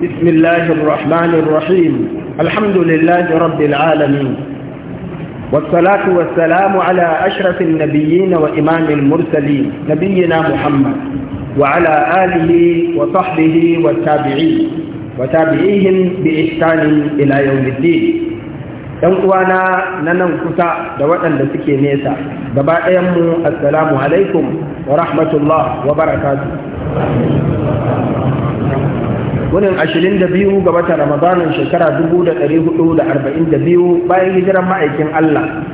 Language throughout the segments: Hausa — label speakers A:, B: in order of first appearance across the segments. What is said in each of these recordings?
A: بسم الله الرحمن الرحيم الحمد لله رب العالمين والصلاة والسلام على أشرف النبيين وإمام المرسلين نبينا محمد وعلى آله وصحبه والتابعين وتابعيهم بإحسان إلى يوم الدين ‘Yan uwana na nan kusa da waɗanda suke nesa, gaba ɗayanmu, Assalamu alaikum wa rahmatullah wa barakatuh. wunin 22 ga watan ramadanin shekara 442 bayan hijiran ma'aikin Allah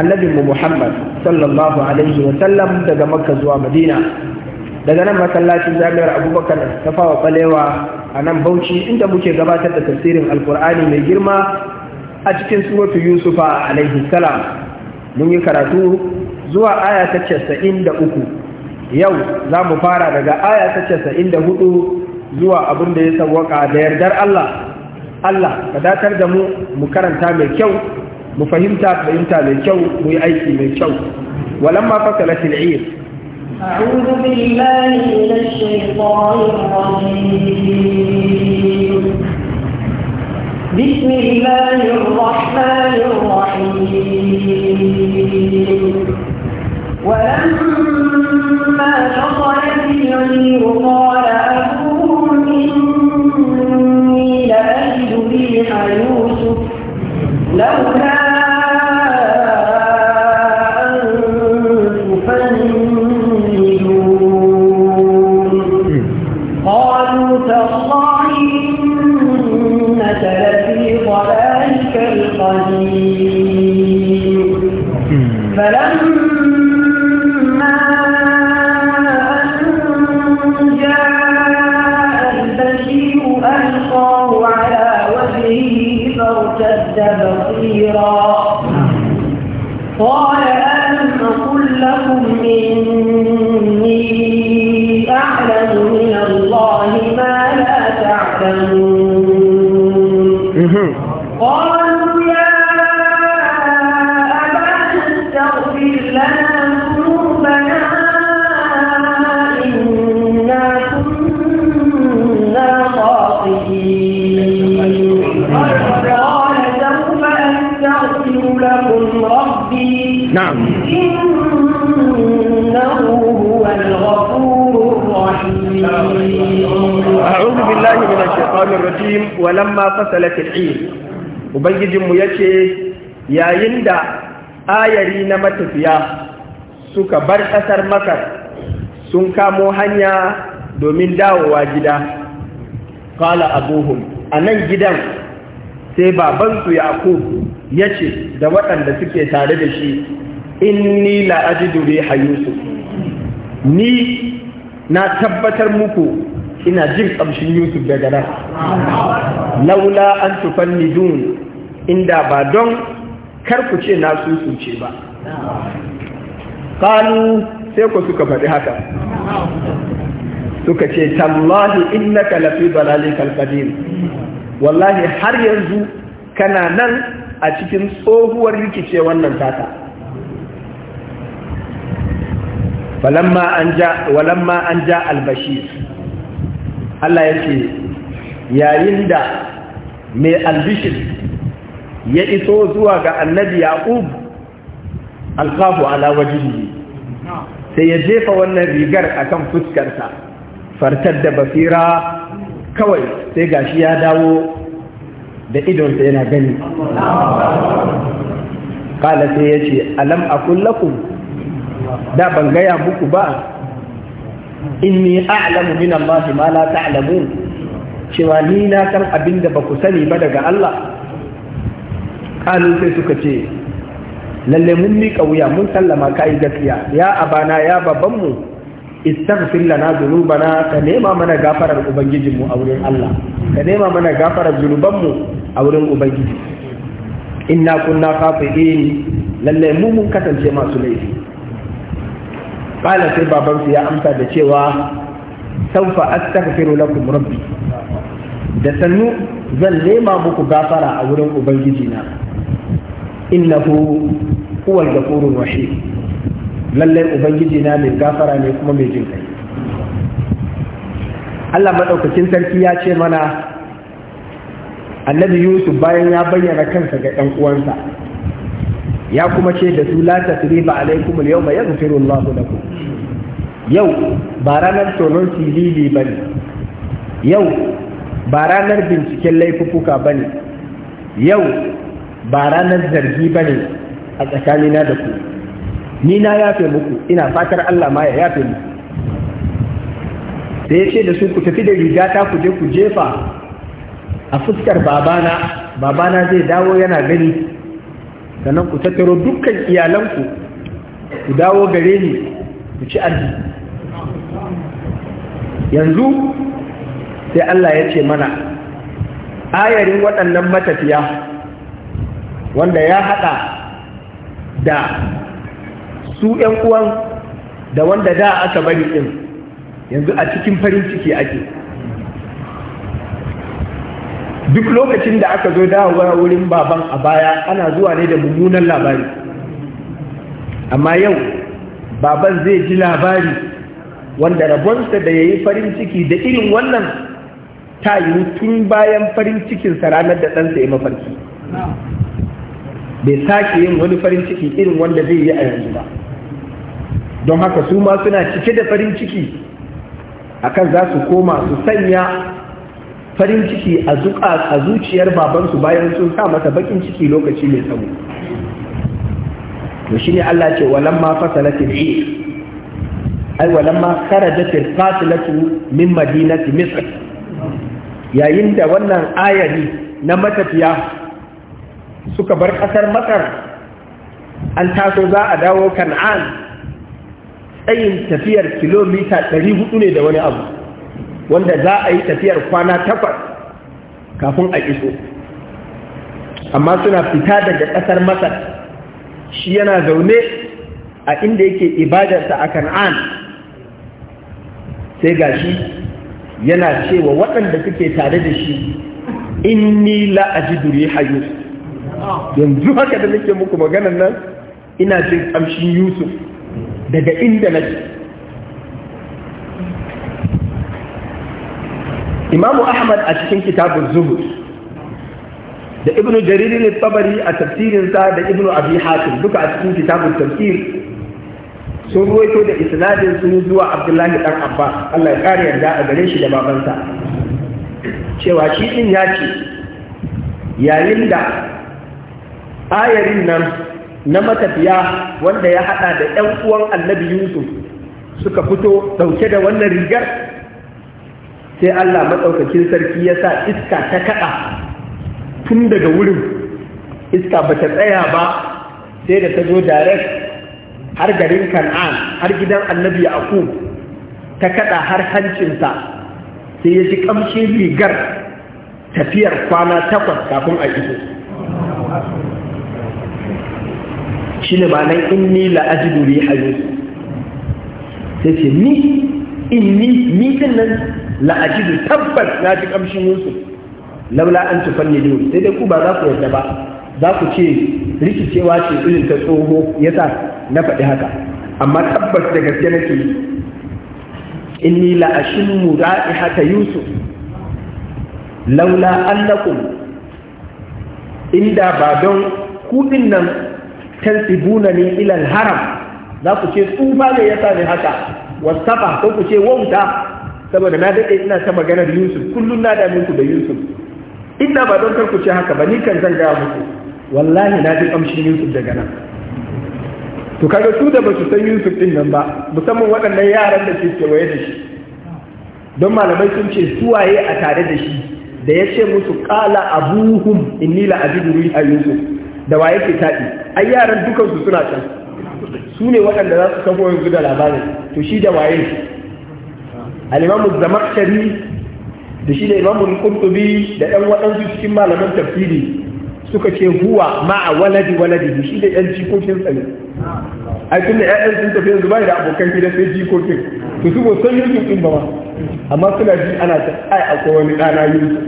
A: annabinmu Muhammad sallallahu alaihi wa sallam daga makka zuwa madina daga nan masallacin jami'ar abubakar ta fawa balewa a nan bauchi inda muke gabatar da tafsirin alkur'ani mai girma a cikin suratu yusufa alaihi salam mun yi karatu zuwa aya ta 93 yau za mu fara daga aya ta 94 zuwa abin da ya sawwaka da yardar Allah Allah ka datar da mu mu karanta mai kyau mu fahimta fahimta mai kyau mu yi aiki mai kyau walamma fasalat al-eid
B: a'udhu billahi من بسم الله الرحمن الرحيم ولما شطرت العير قال لولا
A: fasala fasalatil eid ubangijinmu yace yayin da ayari na matafiya suka bar ƙasar makar sun kamo hanya domin dawowa gida kala abuhum a nan gidan sai babansu yaqub yace da waɗanda suke tare da shi inni ajidu riha yusuf ni na tabbatar muku ina jin ƙamshin yusuf daga nan laula an dun, inda ba don kar ku ce na susuce ba kanu sai ku suka faɗi haka suka ce tallahi innaka lafi dalalikal qadim wallahi har yanzu kana nan a cikin tsohuwar rikice wannan tata falamma an ja walamma an albashir Allah yake yayin da mai albishin ya iso zuwa ga annabi ya'ub alkafu ala sai ya jefa wannan rigar akan fuskarsa fartar da basira kawai sai gashi ya dawo da idonsa yana gani kala sai ya ce alam akun lakum da ban gaya muku ba inni a'lamu min Allah ma la ta'lamun cewa ni na san abin da ba ku sani ba daga Allah kanun sai suka ce lalle mun miƙa wuya mun sallama kai gaskiya ya abana ya babanmu istaghfir lana dhunubana ka nema mana gafarar ubangijinmu a wurin Allah ka nema mana gafarar zunubanmu a wurin ubangiji inna kunna khafidin lalle mu mun kasance masu laifi qala sai babansu ya amsa da cewa sawfa astaghfiru lakum rabbi da sannu zan nema muku gafara a wurin ubangiji na innahu huwal ghafurur rahim lalle ubangiji na mai gafara ne kuma mai jin kai Allah madaukakin sarki ya ce mana annabi Yusuf bayan ya bayyana kansa ga ɗan uwansa ya kuma ce da su la tasriba alaikum al-yawma yaghfiru Allahu lakum yau ba ranar tonon ba bane yau ba ranar binciken laifuka ba ne yau ba ranar zargi ba ne a tsakanina da ku ni na yafe muku ina fatar Allah ma ya yafe muku da ya ce da su ku tafi da rigata ku je ku jefa a fuskar babana babana zai dawo yana gani sannan ku tattaro dukkan iyalanku ku dawo gare ni ku ci arziki yanzu sai Allah ya ce mana ayarin waɗannan matafiya wanda ya haɗa da su ‘yan uwan da wanda da aka bari ɗin yanzu a cikin farin ciki ake duk lokacin da aka zo dawowa wurin baban a baya ana zuwa ne da mummunan labari amma yau baban zai ji labari wanda rabonsa da ya yi farin ciki da irin wannan ta yiwu tun bayan farin cikinsa ranar da ɗansa ya mafarki bai sake yin wani farin ciki irin wanda zai yi a yanzu ba don haka su ma suna cike da farin ciki akan za su koma su sanya farin ciki a zuciyar babansu bayan sun sa masa bakin ciki lokaci mai tsawo to ne Allah ce walamma fasalatil ayy ai walamma kharajat fasilatu min madinati misr yayin da wannan ayari na matafiya suka bar ƙasar masar an taso za a dawo kan'an tsayin tafiyar kilomita 400 ne da wani abu wanda za a yi tafiyar kwana takwas kafin a iso amma suna fita daga ƙasar masar shi yana zaune a inda yake ibadarsa a kan'an sai ga shi yana cewa waɗanda suke tare da shi inni la ajidu riha yusuf yanzu haka da nake muku maganan nan ina jin kamshin yusuf daga inda nake imamu ahmad a cikin kitabun zuhud da ibnu jarir ne tabari a tafsirinsa da ibnu abi hatim duka a cikin kitabun tafsir sun ruwaito da isnadin sun zuwa abdullahi dan abba Allah ya kare yarda a gare shi da babansa cewa shi din ya ce yayin da ayarin nan na matafiya wanda ya hada da 'yan uwan annabi yusuf suka fito dauke da wannan rigar sai Allah maɗaukakin sarki ya sa iska ta kaɗa tun daga wurin iska ba ta tsaya ba sai da ta zo direct har garin kan'an har gidan annabi yaqub ta kada har hancinsa sai ya ji kamshin rigar tafiyar kwana takwas kafin a iso shi ne ba nan inni la'ajidu a yusuf sai ce ni in ni mitin nan la'ajidu tabbas na ji kamshin yusuf laula an tufanni dole sai dai ku ba za ku yadda ba za ku ce rikicewa ce irin ta tsoho sa na faɗi haka amma tabbas da gaske nake inni la'ashinmu ra'ihata yusuf laula annakum inda ba don kuɗin nan tansibuna ne ilal haram za ku ce tsufa ne ya sa ne haka wasafa ko ku ce wauta saboda na daɗe ina ta maganar yusuf kullum na damin ku da yusuf inda ba don kar ku ce haka ba ni kan zan gaya muku wallahi na ji kamshin yusuf daga nan to kaga su da basu san yusuf din nan ba musamman waɗannan yaran da ke kewaye da shi don malamai sun ce waye a tare da shi da ya ce musu kala abuhum inni la wuri a yusuf da waye ke taɗi ai yaran dukansu suna can su ne waɗanda za su kafo yanzu da labarin to shi da waye alimamu zamakshari da shi da imamu qurtubi da ɗan waɗansu cikin malaman tafsiri suka ce huwa ma a waladi waladi shi da yan jikokin tsare ai tunda ƴaƴan sun tafi yanzu bai da abokan gida sai jikokin to su ba san yusuf din ba amma suna ji ana ta ai akwai wani ɗana yusuf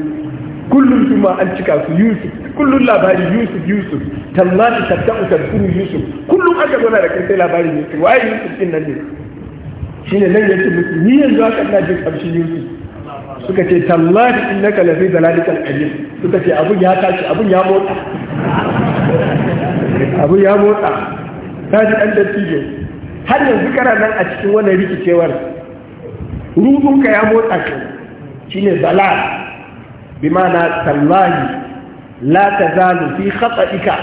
A: kullum ma an cika su yusuf kullum labari yusuf yusuf tallahi tabta'u tattaɓu yusuf kullum aka na da kai sai labarin yusuf wai yusuf din nan ne shine nan yake musu ni yanzu aka ina jin kamshin yusuf suka ce tallafi innaka lafi zalalikal qadim suka ce abun ya tashi abun ya motsa abun ya motsa tashi dan dattijo har yanzu kana nan a cikin wannan rikicewar ruhunka ya motsa ka shine zalal bimana tallahi la tazalu fi khata'ika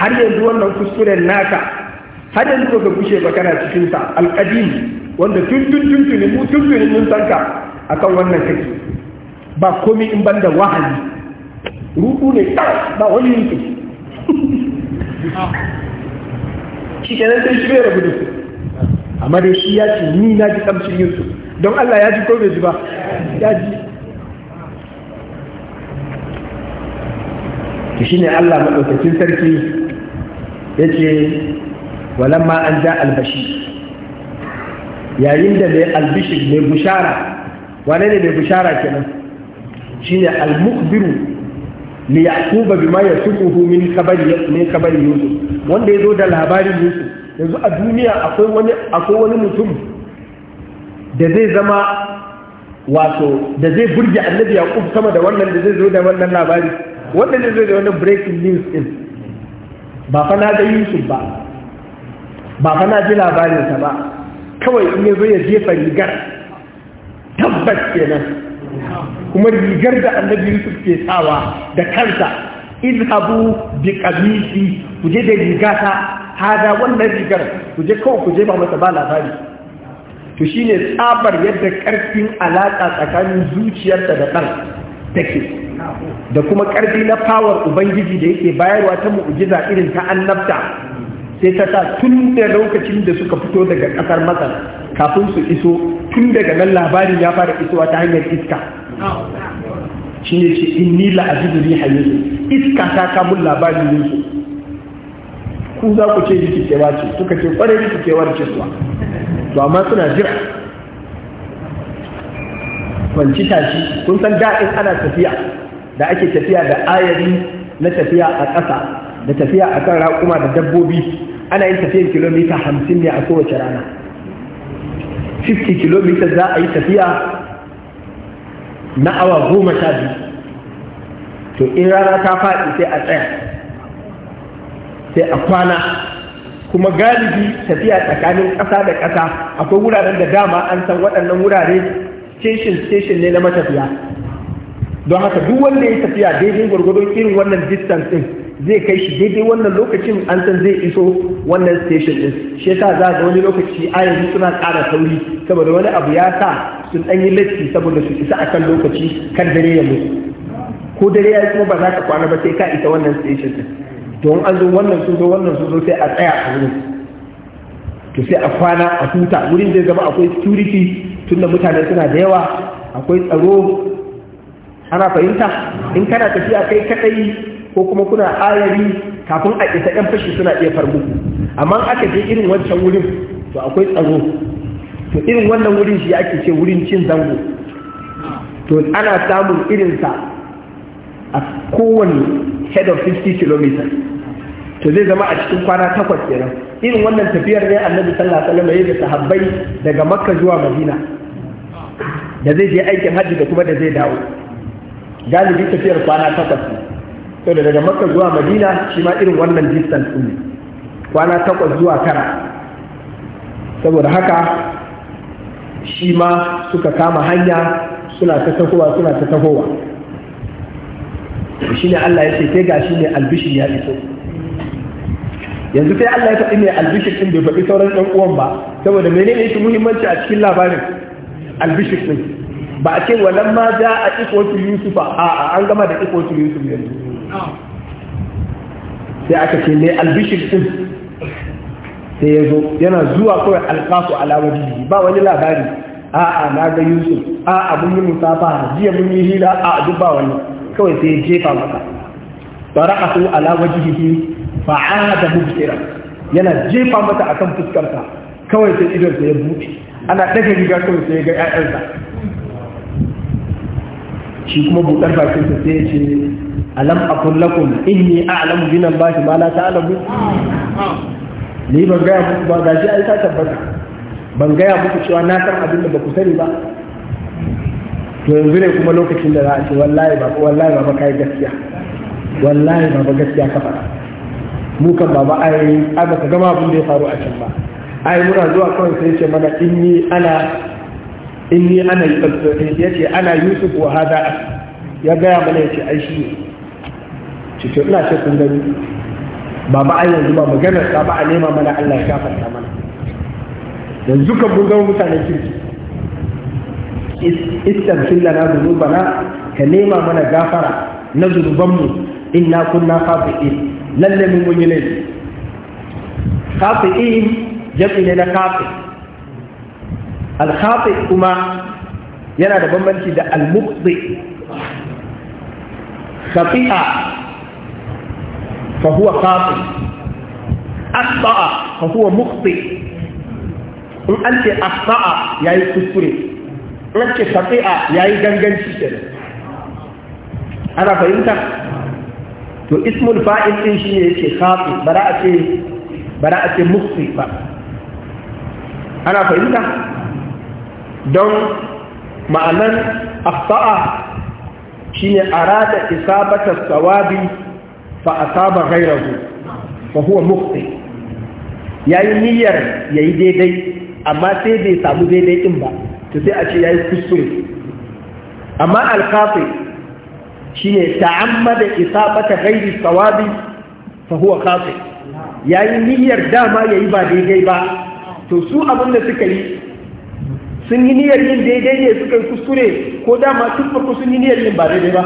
A: har yanzu wannan kuskuren naka har yanzu baka gushe ba kana cikin sa alqadim wanda tun tun tun tun mu tun tun mun san akan wannan take ba komi in ban da wahayi ruku ne ta ba wani yankin. shi kenan sai shi bai rabu da su amma dai shi ya ce ni na ji kamshin yinsu don Allah ya ji ko bai ji ba ya ji to shi ne Allah maɗaukakin sarki ya ce walamma an ja albashi yayin da mai albishir mai bushara wane ne mai bishara kenan shine al-mukbiru li yaquba bima yasuquhu min kabari min kabari yusuf wanda yazo da labarin yusuf yanzu a duniya akwai wani akwai wani mutum da zai zama wato da zai burge annabi yaqub sama da wannan da zai zo da wannan labari wannan da zai da wannan breaking news din ba fa na ga yusuf ba ba fa na ji labarinsa ba kawai in yazo zo ya jefa rigar muhammad kenan kuma rigar da annabi yusuf ke sawa da kansa izhabu bi qamisi kuje je da rigata hada wannan rigar kuje je kawai ku ba mata ba labari to shine tsabar yadda karfin alaka tsakanin zuciyar da ɗan take da kuma karfi na power ubangiji da yake bayarwa ta mu'jiza irin ta annabta sai ta sa tun da lokacin da suka fito daga ƙasar masar kafin su iso tun daga nan labarin ya fara isowa ta hanyar iska shi ne ce in ni la'ajibu riha yusuf iska ta kamun labarin su ku za ku ce rikicewa ce suka ce kwarai rikicewar ce suwa to amma suna jira kwanci tashi kun san daɗin ana tafiya da ake tafiya da ayari na tafiya a ƙasa da tafiya a kan raƙuma da dabbobi ana yin tafiyar kilomita hamsin ne a kowace rana 50 kilomita za a yi tafiya na awa goma sha biyu to in rana ta faɗi sai a tsaya sai a kwana kuma galibi tafiya tsakanin ƙasa da ƙasa akwai wuraren da dama an san waɗannan wurare station station ne na matafiya don haka duk wanda ya tafiya daidai gwargwadon irin wannan distance din zai kai shi daidai wannan lokacin an san zai iso wannan station din shi yasa za ga wani lokaci ayanzu suna ƙara sauri saboda wani abu ya sa su ɗan yi latti saboda su isa akan lokaci kan dare ya mutu ko dare ya kuma ba za ka kwana ba sai ka isa wannan station din don an zo wannan sun zo wannan sun zo sai a tsaya a wurin to sai a kwana a huta wurin zai zama akwai security tunda mutane suna da yawa akwai tsaro ana fahimta in kana tafiya kai kadai ko kuma kuna ayari kafin a isa yan fashi suna iya farmu amma aka je irin wancan wurin to akwai tsaro to irin wannan wurin shi ake ce wurin cin zango to ana samun irinsa a kowane head of 50 km. to zai zama a cikin kwana takwas kenan irin wannan tafiyar ne annabi sallallahu alaihi wasallam ya da sahabbai daga makka zuwa madina da zai je aikin hajji da kuma da zai dawo galibi tafiyar kwana takwas ne sau da daga makka zuwa madina shi ma irin wannan distance ne kwana takwas zuwa tara saboda haka shi ma suka kama hanya suna ta tahowa suna ta tahowa shi ne Allah ya ce kai gashi ne albishin ya iso yanzu sai Allah ya faɗi mai albishin ɗin bai faɗi sauran ɗan uwan ba saboda menene yake muhimmanci a cikin labarin albishin ɗin ba a ce walan ma ja a ikotu yusufa a an gama da ikotu yusuf yanzu sai aka ce mai albishir din sai ya zo yana zuwa kawai alawar jiji ba wani labari a'a na ga yusuf a'a mun yi musafa jiya mun yi hila a'a duk ba wani kawai sai ya jefa maka a ala wajhihi fa'ada mubsira yana jefa mata akan fuskarsa kawai sai idon sai ya buɗe ana ɗaga riga kawai sai ya ga 'ya'yansa. shi kuma buɗar bakin sa sai ya ce alam akul lakum inni a'lamu bi nan shi ma la ta'lamu ni ban ga muku ba ga shi ai ta tabbata ban ga muku cewa na san abin da ba ku sani ba to yanzu ne kuma lokacin da za a ce wallahi ba wallahi ba kai gaskiya wallahi ba gaskiya ka faɗa mu kan baba ai aka gama abin da ya faru a can ba ai muna zuwa kawai sai ce mana inni ana inni ana yi ɗansu ya ce ana yusuf wa hada ya gaya mana ya ce ai shi ne cikin ina ce kun gani ba ba ai yanzu ba maganar ta ba a nema mana Allah ya gafarta mana yanzu kan mun ga mutanen kirki istaghfir lana dhunubana ka nema mana gafara na zunubanmu na kunna khati'in lallai mun yi laifi khati'in jami'i ne na kafa. alkhati kuma yana da bambanci da almuqti khati'a fa huwa khati asba'a fa huwa muqti in an ce asba'a yayi kuskure in an ce khati'a yayi ganganci kenan ana fahimta to ismul fa'il din shine yake khati bara a bara a ce muqti ba ana fahimta don ma'anar shi ma'anan afsa'a shine arada isabata tsawabi fa saba ghayrahu fa huwa mukti. Ya yi niyyar ya yi daidai amma sai bai samu daidai din ba to sai a ce ya yi kusur amma alkafi ne ta'ammada ta gairi tsawabi, fa huwa kafi yi niyyar dama ya yi ba daidai ba to su abin da suka yi sun yi niyyar yin daidai ne suka yi kuskure ko dama tun farko sun yi niyyar yin ba daidai ba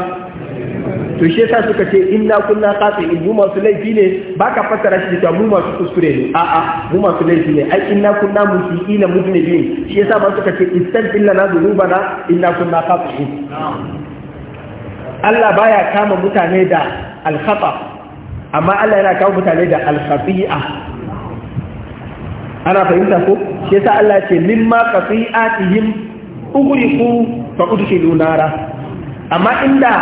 A: to shi yasa suka ce inna kunna qati in mu masu laifi ne Ba ka fassara shi da mu masu kuskure ne a a mu masu laifi ne ai inna kunna musiina mujnibin shi yasa ba suka ce istaghfir lana dhunubana inna kunna qati Allah baya kama mutane da al-khata amma Allah yana kama mutane da al-khati'a ana fahimta ko shi yasa Allah ce mimma qati'atihim ughriqu fa udkhilu nara amma inda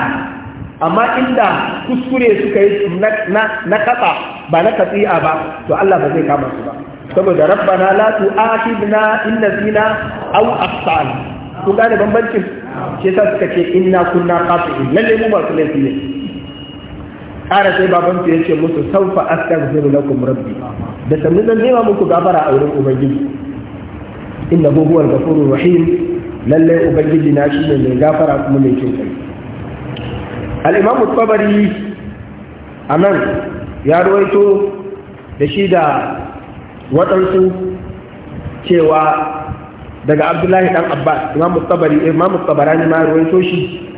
A: amma inda kuskure suka yi na na kafa ba na qati'a ba to Allah ba zai kama su ba saboda rabbana la tu'akhidna in nasina aw akhtana kun gane bambancin shi yasa suka ce inna kunna qati'in lalle mu ba su laifi ne ƙara sai baban su yace musu saufa astaghfiru lakum rabbi da sannu zan nema muku gafara a wurin ubangiji inna hu huwal ghafurur rahim lalle ubangiji na shi ne mai gafara kuma mai cin kai al-imamu tabari anan ya ruwaito da shi da waɗansu cewa daga abdullahi dan abbas imamu tabari imamu tabarani ma ruwaito shi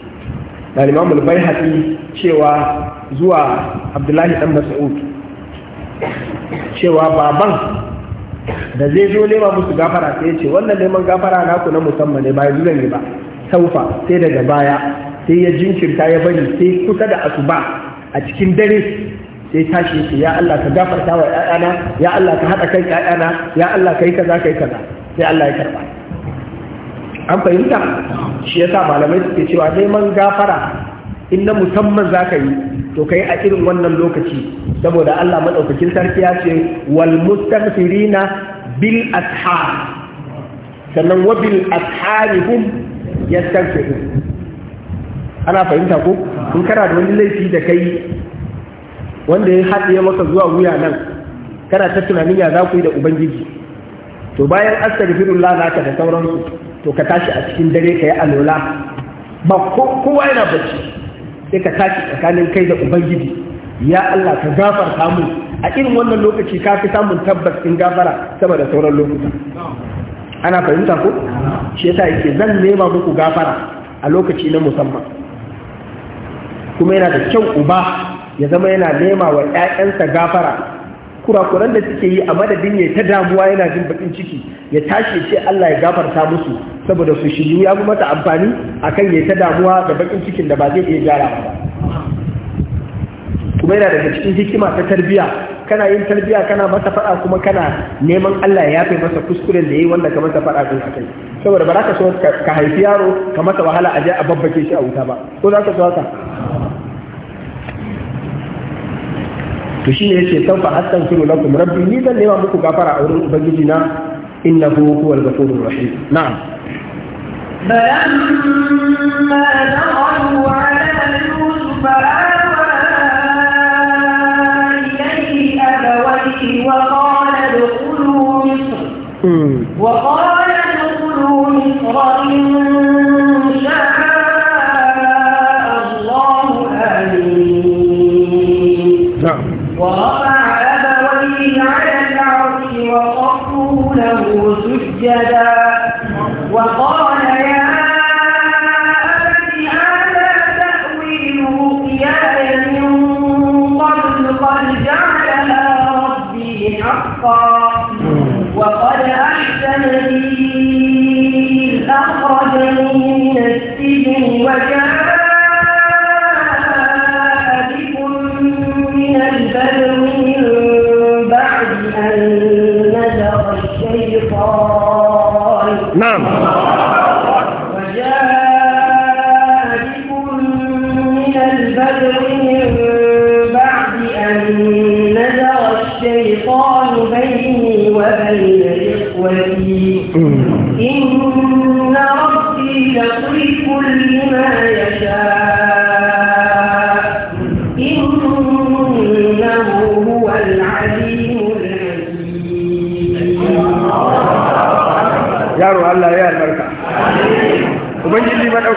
A: da limamul bai cewa zuwa abdullahi dan mas'ud cewa baban da zai zo nema musu gafara sai ya ce wannan neman gafara na ku na musamman ne ba ya yi ba saufa sai daga baya sai ya jinkirta ya bari sai kusa da asuba a cikin dare sai tashi yake ya Allah ka gafarta wa 'ya'yana ya Allah ka haɗa kan 'ya'yana ya Allah ka yi kaza kai kaza sai Allah ya karɓa an fahimta shi yasa malamai suke cewa neman gafara in na musamman za ka yi to ka yi a irin wannan lokaci saboda Allah maɗaukacin sarki ya ce wal mustaghfirina bil ashar sannan wa bil ya yastaghfirun ana fahimta ko kun kana da wani laifi da kai wanda ya haɗe maka zuwa wuya nan kana ta tunanin ya za ku yi da ubangiji to bayan astaghfirullah lalata da sauransu to ka tashi a cikin dare ka yi alola ba kowa yana bacci sai ka tashi tsakanin kai da ubangiji ya Allah ka gafar samu a irin wannan lokaci ka fi samun tabbas in gafara saboda sauran lokuta ana fahimta ko shi yasa yake zan nema muku gafara a lokaci na musamman kuma yana da kyau uba ya zama yana nema wa ƴaƴansa gafara kurakuran da suke yi a madadin ya ta damuwa yana jin bakin ciki ya tashi ce Allah ya gafarta musu saboda su shiru ya fi mata amfani akan ya ta damuwa da bakin cikin da ba zai iya gyara ba kuma yana daga cikin hikima ta tarbiya kana yin tarbiya kana masa faɗa kuma kana neman Allah ya yafe masa kuskuren da yayi wanda ka masa faɗa din akai saboda ba za ka so ka haifi yaro ka masa wahala a je a babbake shi a wuta ba ko za ka so haka to shine yace saufa astaghfiru lakum rabbi ni zan nema muku gafara a wurin ubangiji na innahu huwal ghafurur rahim na'am
B: فلما دخلوا على يوسف آوى إليه أبويه وقال ادخلوا مصر وقال ادخلوا مصر إن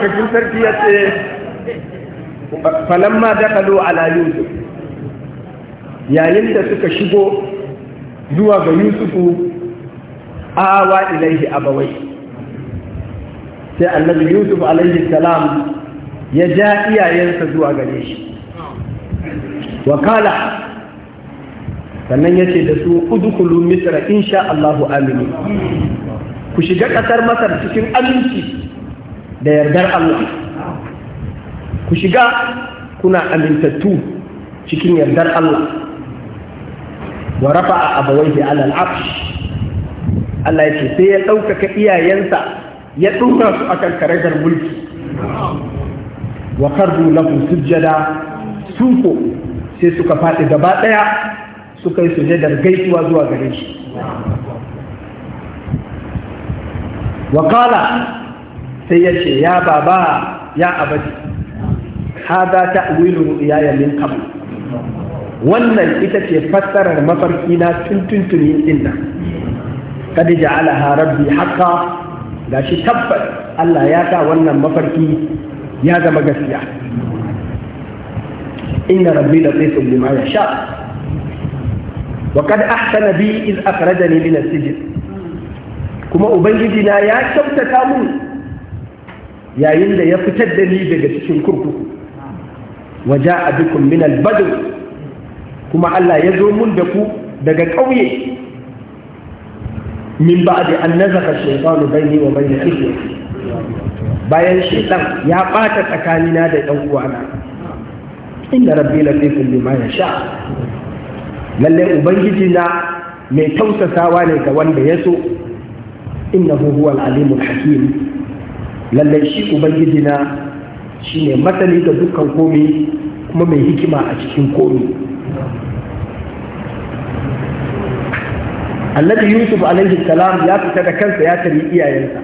A: madaukakin sarki ya ce falamma dakalu ala yusuf yayin da suka shigo zuwa ga yusufu awa ilaihi abawai sai annabi yusuf alaihi salam ya ja iyayensa zuwa gare shi wakala sannan ya ce da su udukulu misra insha Allahu amini ku shiga ƙasar masar cikin aminci da yardar Allah ku shiga kuna amintattu cikin yardar Allah wa rafa'a abawaihi ala al-arsh Allah yake sai ya ɗaukaka iyayensa ya ɗora su akan karagar mulki wa kardu lahu sujjada suko sai suka faɗi gaba ɗaya suka yi sujjadar gaisuwa zuwa gare shi wa qala sai ya ce ya baba ya abadi hada ta'wilu ru'yaya min qabl wannan ita ce fassarar mafarki na tuntuntuni din nan kad ja'alaha rabbi haqqan gashi tabbas Allah ya sa wannan mafarki ya zama gaskiya inna rabbi latifun lima yasha wa kad ahsana bi iz akhrajani min as-sijn kuma ubangiji na ya kyautata mun yayin da ya fitar da ni daga cikin kurkuku waje a dukkan min kuma Allah ya zo mun da ku daga ƙauye min ba da an nazaka shaitanu baini wa baini ikhwa bayan shaitan ya ɓata tsakanina da ɗan uwana inna rabbi latifun lima sha, lallai ubangiji na mai tausasawa ne ga wanda ya so innahu huwal alimul hakim lallai shi ubangiji na shi ne matsali ga dukkan komi kuma mai hikima a cikin komi annabi yusuf alaihi salam ya fita da kansa ya tari iyayensa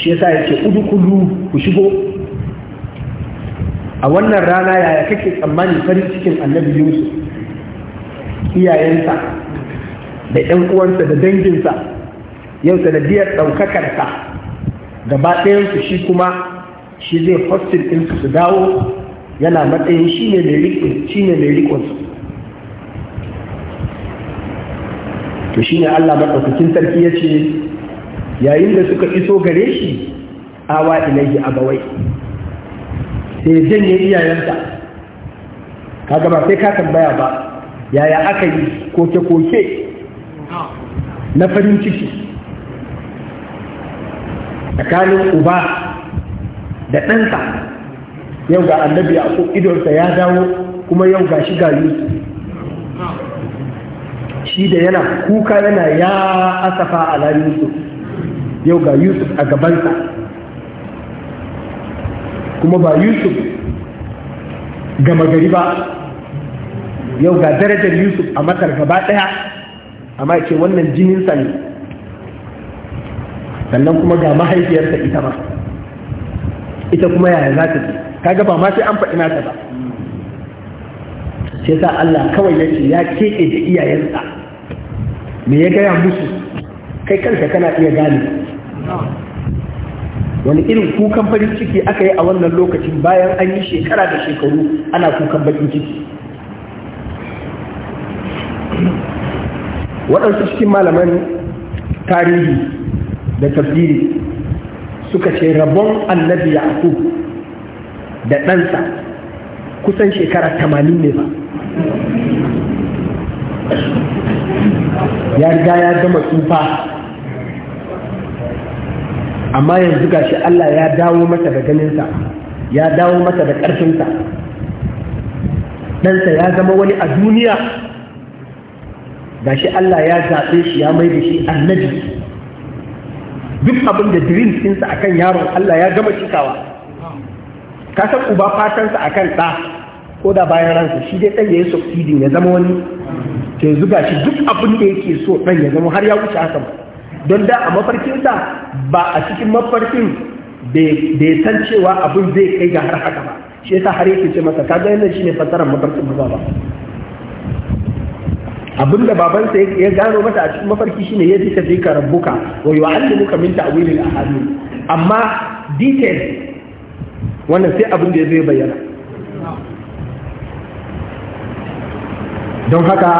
A: shi yasa ya ce udukulu ku shigo a wannan rana yaya kake tsammanin farin cikin annabi yusuf iyayensa da 'yan uwansa da danginsa yau sanadiyar ɗaukakarsa gaba ɗayansu shi kuma shi zai hostin ɗinsu su dawo yana matsayin shi ne mai rikonsu to shi ne allah maɗaukakin sarki ya ce yayin da suka iso gare shi awa a abawai sai janye iyayensa kaga ba sai ka tambaya ba yaya aka yi koke-koke na farin ciki tsakanin uba da ɗansa yau ga annabi a idonsa ya dawo kuma yau ga shi ga yusuf shi da yana kuka yana ya asafa a lari yusuf yau ga yusuf a gabansa kuma ba yusuf gama gari ba yau ga darajar yusuf a matar gaba ɗaya amma ce wannan jininsa ne sannan kuma ga mahaifiyarsa ita ma ita kuma yaya za ta ce kaga ba ma sai an faɗi nata ba sai sa Allah kawai ya ce ya keke da iyayensa me ya gaya musu kai kanka kana iya gane wani irin kukan farin ciki aka yi a wannan lokacin bayan an yi shekara da shekaru ana kukan bakin ciki waɗansu cikin malaman tarihi da tafsiri suka ce rabon annabi yaqub da ɗansa kusan shekara tamanin ne ba
C: ya riga ya gama tsufa
A: amma yanzu shi Allah ya dawo mata da ganinsa ya dawo mata da ƙarfinsa ɗansa ya zama wani a duniya gashi Allah ya zaɓe shi ya mai da shi annabi duk abin da dreams ɗinsa akan yaron Allah ya gama cikawa ka san uba fatansa akan ɗa ko da bayan ransa shi dai ɗan ya yi ya zama wani ke zuga shi duk abin da yake so ɗan ya zama har ya wuce haka ba don da a mafarkinsa ba a cikin mafarkin bai san cewa abin zai kai ga har haka ba shi yasa har yake ce masa kaga yanzu shine fasarar mafarkin ba ba abinda babansa ya gano masa a cikin mafarki shine ya zika zika rabbuka wa a min a hannu. amma details wannan sai abin da ya zai bayyana don haka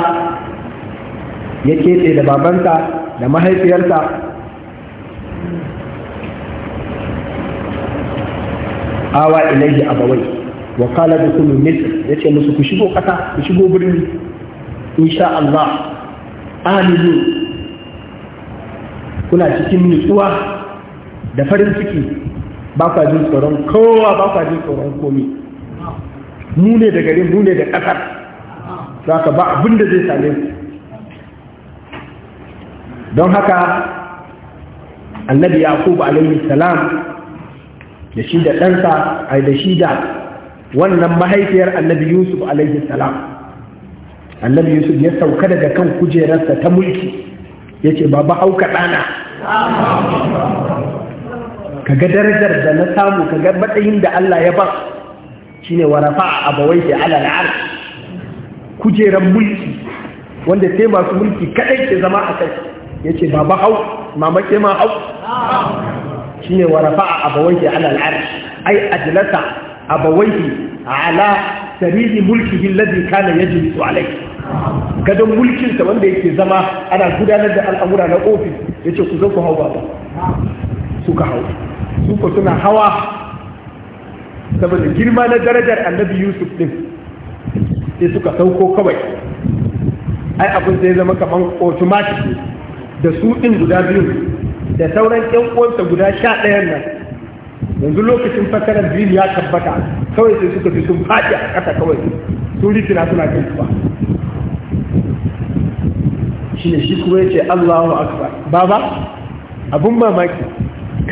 A: ya kete da babansa da mahaifiyarsa awa ilaihi abawai wa kala da kunu misir ya ce musu ku shigo kasa ku shigo birni insha Allah aminu kuna cikin nutsuwa da farin ciki ba kwa jin tsoron kowa ba kwa jin tsoron komi mu ne da garin mu ne da ƙasar za ka ba abin da zai same ku don haka annabi yaqub alaihi salam da shi da ɗansa ai da shi da wannan mahaifiyar annabi yusuf alaihi salam annabi yusuf ya sauka daga kan kujerarsa ta mulki ya ce ba hauka ɗana ka ga darajar da na samu ka matsayin da Allah ya ban shine wa a abawai da alal arsh Kujeran mulki wanda sai masu mulki kaɗai ke zama a kai yace baba hau mama ke ma hau shine wa a abawai da alal arsh ai ajlasa abawai ala sariri mulkihi alladhi kana yajlisu alayhi gadon mulkinsa wanda yake zama ana gudanar da al'amura na ofis ya ce ku zo ku hau baba suka hau suka suna hawa saboda girma na darajar annabi yusuf din sai suka sauko kawai ai abin sai zama kamar automatic da su din guda biyu da sauran yan uwansa guda sha ɗayan nan yanzu lokacin fakarar biyu ya tabbata kawai sai suka fi sun faɗi a ƙasa kawai sun rikina suna kai ba shi ne shi kuma ya ce allahu akbar baba abun mamaki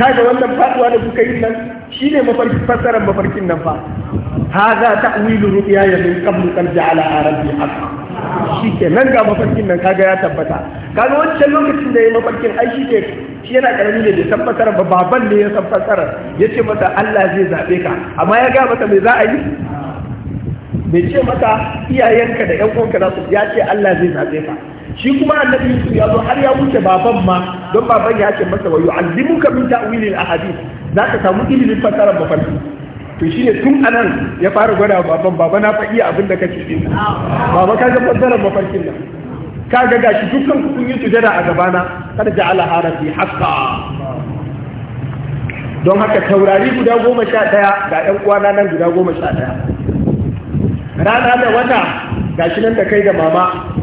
A: kaga wannan faduwa da kuka yi nan shi ne mafarkin mafarkin nan fa haza ta wilu ruɗiya ya min kablu kan ja'ala arabi haka shi ke nan ga mafarkin nan kaga ya tabbata kaga wancan lokacin da ya mafarkin ai shi ke shi yana karami ne bai tabbatar ba baban ne ya tabbatar ya ce mata Allah zai zaɓe ka amma ya ga mata me za a yi bai ce mata iyayenka da yan uwanka za su ya ce Allah zai zaɓe ka shi kuma annabi Yusuf ya zo har ya wuce baban ma don baban ya ce masa wayo allimuka min al ahadith zaka samu ilimin fasara mafarki to shine tun anan ya fara gwada baban baba na faɗi abin da kake cikin baba kaga fasara mafarkin nan kaga gashi dukkan ku kun yi sujada a gabana kada ala harafi haqqa don haka taurari guda goma sha ɗaya ga ‘yan uwana nan guda goma sha ɗaya rana da wata gashi nan da kai da mama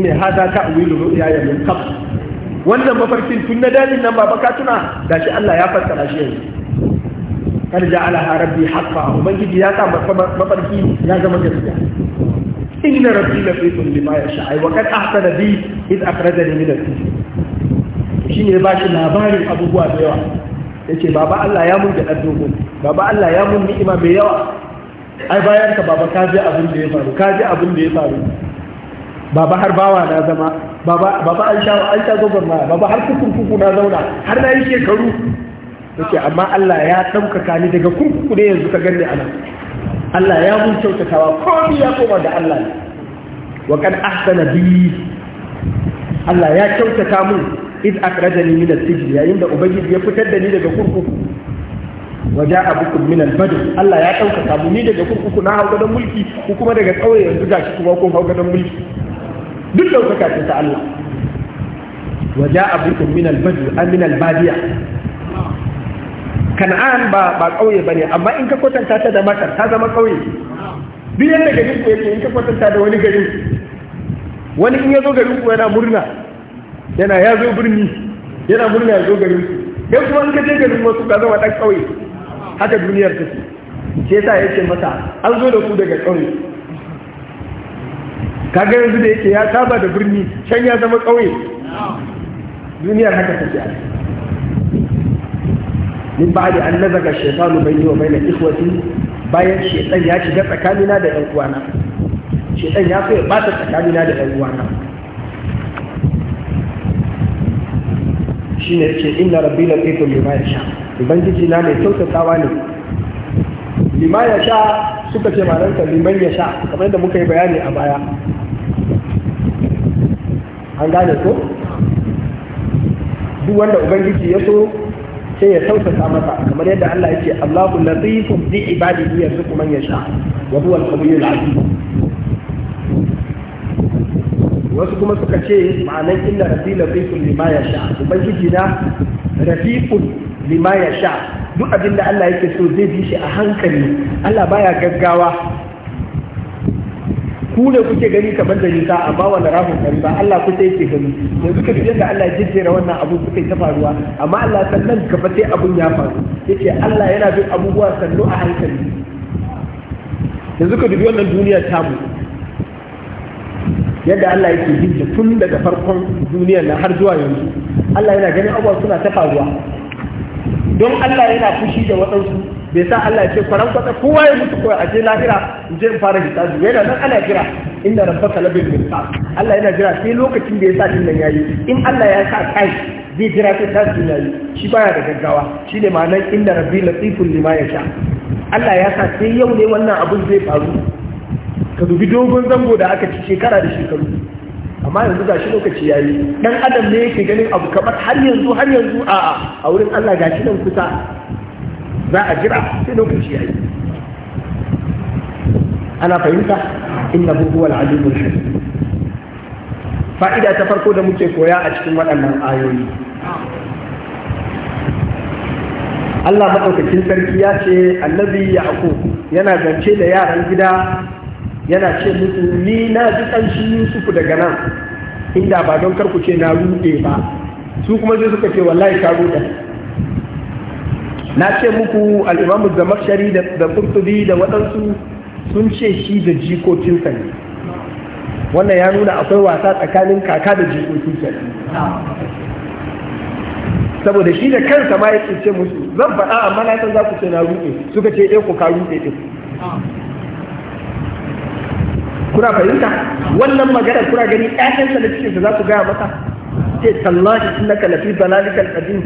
A: ne hada ka awilu ru'ya ya min qabl wannan mafarkin tun na dalin nan baba ka tuna gashi Allah ya fassara shi yanzu kada ja ala rabbi haqqa ubangiji ya sa mafarki ya zama gaskiya inna rabbi latifun lima yasha ai wa kad ahsana bi id akhrajani min al-sijn shine ba shi labarin abubuwa da yawa yace baba Allah ya mun da addu'o baba Allah ya mun ni'ima mai yawa ai bayan ka baba ka ji abin da ya faru ka ji abin da ya faru baba har bawa na zama baba an sha an sha gogon ma baba har kuku na zauna har na yi shekaru yace amma Allah ya ɗaukaka ni daga kurkuku ne yanzu ka ganni anan Allah ya mun kyautatawa komai ya koma da Allah ne wa kad ahsana bi Allah ya kyautata mun id akrajani min al-sijn yayin da ubangiji ya fitar da ni daga kurkuku waje bikum min al-badr Allah ya ɗaukaka mu ni daga kurkuku na hau gadon mulki ku kuma daga ƙauye yanzu gashi kuma ko hau gadon mulki duk ɗaukaka ce ta Allah waje abikun ah, min albadiya kan'an ba ba ƙauye ba ne amma in ka kwatanta ta da makar ta zama ƙauye duk yadda garin ku yake in ka kwatanta da wani garin wani in ya zo garin ku yana murna yana ya zo birni yana murna ya zo garin ku dan kuma in ka je garin wasu ka zama dan ƙauye haka duniyar take sai sa yace masa an zo da ku daga ƙauye kaga yanzu da yake ya saba da birni can ya zama ƙauye duniyar haka ta a min ba da an nazaga shaitanu bai wa na ikwati bayan shaitan ya shiga tsakanina da yan uwana shaitan ya so ya bata tsakanina da yan uwana shine ce inna rabbi latifun limaya sha. ubangiji na mai kyautatawa ne limaya sha suka ce malanka liman sha kamar da muka yi bayani a baya an gane so duk wanda ubangiji ya so sai ya tausasa masa kamar yadda Allah yake Allahu latifun bi ibadihi yarzuqu man yasha wa huwa al-qawiyyul aziz wasu kuma suka ce ma'anan inna rabbi latifun lima yasha ubangiji na rafiqun lima yasha duk abin da Allah yake so zai bi shi a hankali Allah baya gaggawa ku ne kuke gani kamar da nisa amma wanda rafin kan ba Allah kusa yake gani yanzu ka fiye da Allah ya jejjera wannan abu suka yi ta faruwa amma Allah sannan kafa sai abun ya faru yake Allah yana bin abubuwa sannu a hankali yanzu ka dubi wannan duniya mu yadda Allah yake jinta tun daga farkon duniyar nan har zuwa yanzu Allah yana ganin abubuwa suna ta faruwa don Allah yana fushi da waɗansu bai sa Allah ce faran kwata kowa ya mutu kawai a ce lahira in je in fara zuwa yana nan ana jira inda rabbaka labil sa. Allah yana jira sai lokacin da ya sa din nan yayi in Allah ya sa kai zai jira sai ta din yayi shi baya da gaggawa shi ne ma'anar inda rabbi latifun lima sha. Allah ya sa sai yau ne wannan abun zai faru ka dubi dogon zango da aka ci shekara da shekaru amma yanzu shi lokaci yayi dan adam ne yake ganin abu kamar har yanzu har yanzu a'a a wurin Allah gashi nan kusa za a jira sai lokaci yi ana fahimta innahu huwal alimul hakim fa'ida ta farko da muke koya a cikin waɗannan ayoyi Allah maɗaukacin sarki ya ce annabi yaqub yana zance da yaran gida yana ce musu ni na ji ƙanshi yusufu daga nan inda ba don karku ce na ruɗe ba su kuma sai suka ce wallahi ka ruɗe na ce muku al'imamu da makshari da kurtubi da waɗansu sun ce shi da jikokinsa ne wannan ya nuna akwai wasa tsakanin kaka da jikokinsa ne saboda shi da kansa ma ya ce musu zan faɗa amma na san za ku ce na ruɗe suka ce eh ku ka ruɗe ɗin kuna fahimta wannan maganar kuna gani ƴaƴansa da cikinsa za su gaya masa ce tallahi innaka lafi balalikal qadim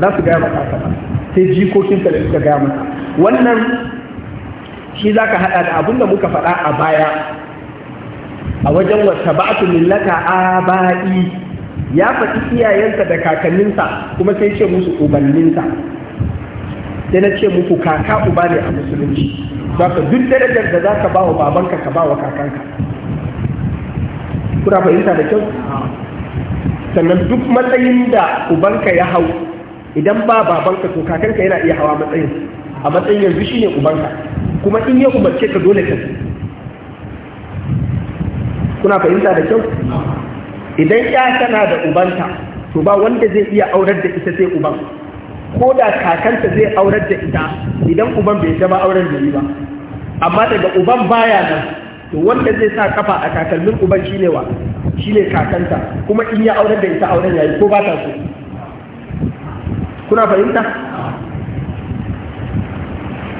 A: ba za su gaya maka ba sai jikokinka da suka gaya maka wannan shi za ka haɗa da abin da muka faɗa a baya a wajen wata ba'atu millata ba'i ya faɗi iyayensa da kakanninsa kuma sai ce musu ubanninsa sai na ce muku kaka uba ne a musulunci za ka duk darajar da za ka ba wa babanka ka ba wa kakanka kuna fahimta da kyau sannan duk matsayin da ubanka ya hau idan ba babanka to kakanka yana iya hawa matsayin a matsayin yanzu shine ubanka kuma in ya umarce ka dole ka kuna fahimta da kyau idan ya tana da ubanta to ba wanda zai iya aurar da ita sai uban ko da kakanta zai aurar da ita idan uban bai zama auren da ba amma daga uban baya nan to wanda zai sa kafa a kakannin uban shine wa shine kakanta kuma in ya aurar da ita auren yayi ko ba ta so kuna fahimta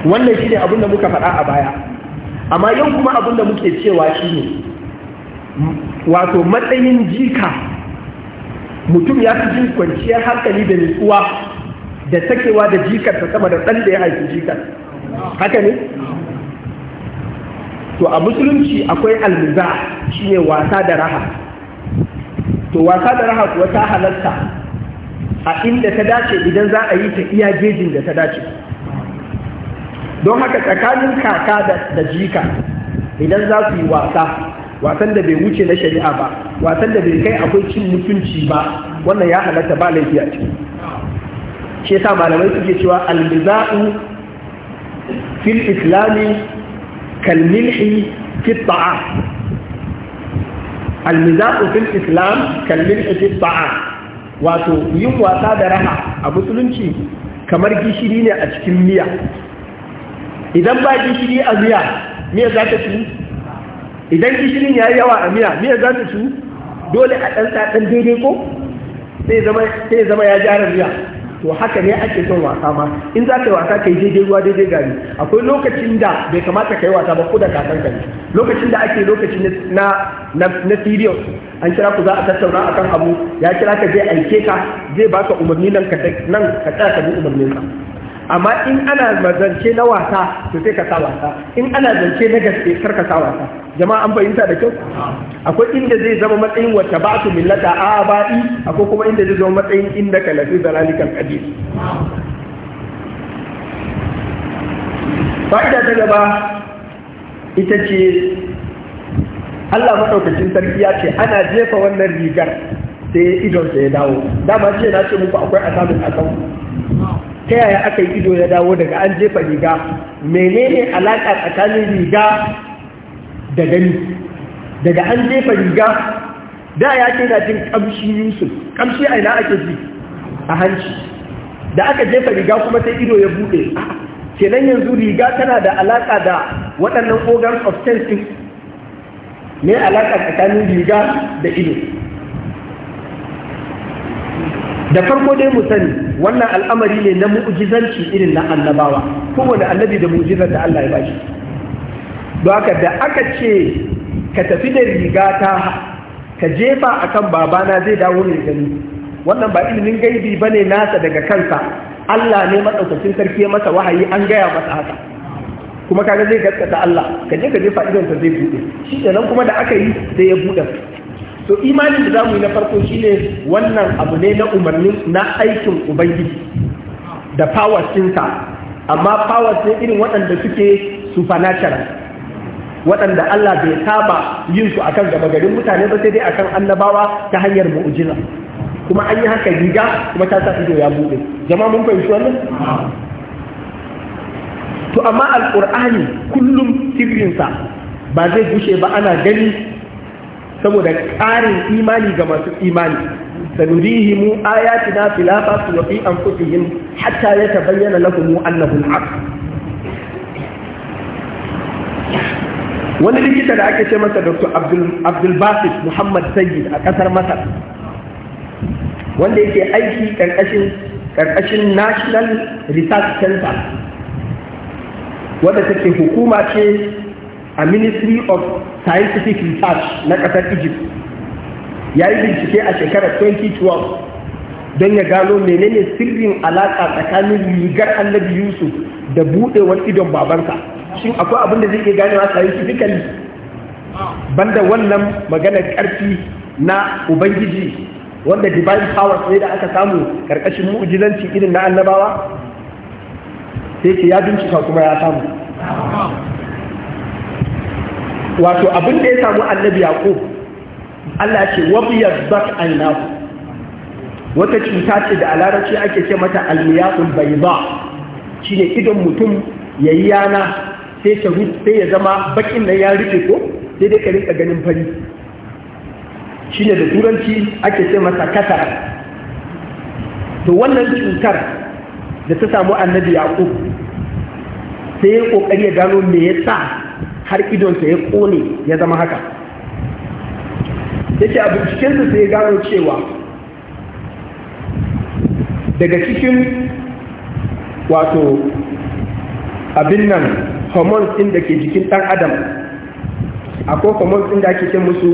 A: wannan shi ne abinda muka faɗa a baya amma yau kuma abinda muke cewa shi ne wato matsayin jika mutum ya fi jin kwanciyar hankali da nutsuwa da sakewa da jikarsa sama da ɗan da ya haifi jikar haka ne to a musulunci akwai almuza shine wasa da raha to wasa da raha kuwa ta halatta a inda ta dace idan za a yi ta iya gejin da ta dace don haka tsakanin kaka da jika idan za su yi wasa wasan da bai wuce na shari'a ba wasan da bai kai akwai cin mutunci ba wannan ya halatta ba laifi a ciki shi yasa malamai suke cewa almiza'u fil islami kalmilhi fi ta'a almiza'u fil islam kalmilhi fi ta'a wato yin wasa da raha a musulunci kamar gishiri ne a cikin miya idan ba gishiri a miya miya za ta ci idan gishirin ya yi yawa a miya miya za ta ci dole a ɗan ɗan daidai ko sai zama ya gyara miya to haka ne ake son wasa ma in za ka yi wasa ka yi daidai ruwa daidai gari akwai lokacin da bai kamata ka yi wasa ba ko da kasan ka ne lokacin da ake lokacin na na na serious an kira ku za a tattauna akan abu ya kira ka zai aike ka zai baka umarni nan ka nan ka tsaya ka bi umarnin ka amma in ana zance na wasa to sai ka sa wasa in ana zance na gaske kar ka sa wasa jama'a an fahimta da kyau akwai inda zai zama matsayin wata ba su millata a ba'i akwai kuma inda zai zama matsayin inda ka lafi zalalikan kadir fa'ida ta gaba ita ce Allah maɗaukacin sarki ya ce ana jefa wannan rigar sai idonsa ya dawo dama ce na ce muku akwai asamin akan ta yaya aka yi ido ya dawo daga an jefa riga menene alaƙa tsakanin riga da gani daga an jefa riga da ya ce na jin kamshi yusuf kamshi a ina ake ji a hanci da aka jefa riga kuma sai ido ya buɗe kenan yanzu riga tana da alaƙa da waɗannan organs of sense ne alaƙa tsakanin riga da ido da farko dai mu sani wannan al'amari ne na mu'jizanci irin na annabawa kowane annabi da mu'jizar da Allah ya bashi don haka da aka ce ka tafi da riga ta ka jefa akan babana zai dawo ne gani wannan ba ilimin gaibi bane nasa daga kansa Allah ne madaukakin sarki masa wahayi an gaya masa haka kuma kaga zai gaskata Allah ka je ka jefa idan ta zai bude shi kenan kuma da aka yi sai ya bude to imanin da zamu yi na farko shine wannan abu ne na umarnin na aikin ubangiji da power ɗinsa amma power ne irin waɗanda suke supernatural waɗanda Allah bai saba yin su akan gaba garin mutane ba sai dai akan annabawa ta hanyar mu'jiza kuma an yi haka riga kuma ta sa ido ya buɗe jama'a mun fahimci wannan to amma alƙur'ani kullum sirrinsa ba zai gushe ba ana gani saboda ƙarin imani ga masu imani Ayati, ayatina fil afaqi wa fi anfusihim hatta bayyana lahum mu al-haq wani likita da ake ce masa Dr. Abdul Muhammad Sayyid a ƙasar Masar wanda yake aiki karkashin karkashin National Research Center wadda take hukuma ce a ministry of scientific research na ƙasar egypt ya yi bincike a shekarar 2012 don ya gano menene sirrin alaƙa tsakanin rigar annabi yusuf da buɗewar idon babansa shin akwai abin da zai iya ganewa scientifically banda wannan maganar ƙarfi na ubangiji wanda divine powers ne da aka samu ƙarƙashin mu'ujizanci irin na annabawa sai ce ya bincika kuma ya samu wato abin da ya samu annabi yaqub Allah ce wabiyaddat aina wata cuta ce da alararci ake ce mata almiyaqul bayda shine idon mutum yayi yana sai ta sai ya zama bakin nan ya rike ko sai dai ka rinka ganin fari shine da turanci ake ce mata katara to wannan cutar da ta samu annabi yaqub sai ya ƙoƙari ya gano me yasa har idonsa ya ƙone ya zama haka yake a bincikensa sai gano cewa daga cikin wato abin nan hormones ɗin da ke jikin ɗan adam akwai hormones ɗin da ake ce musu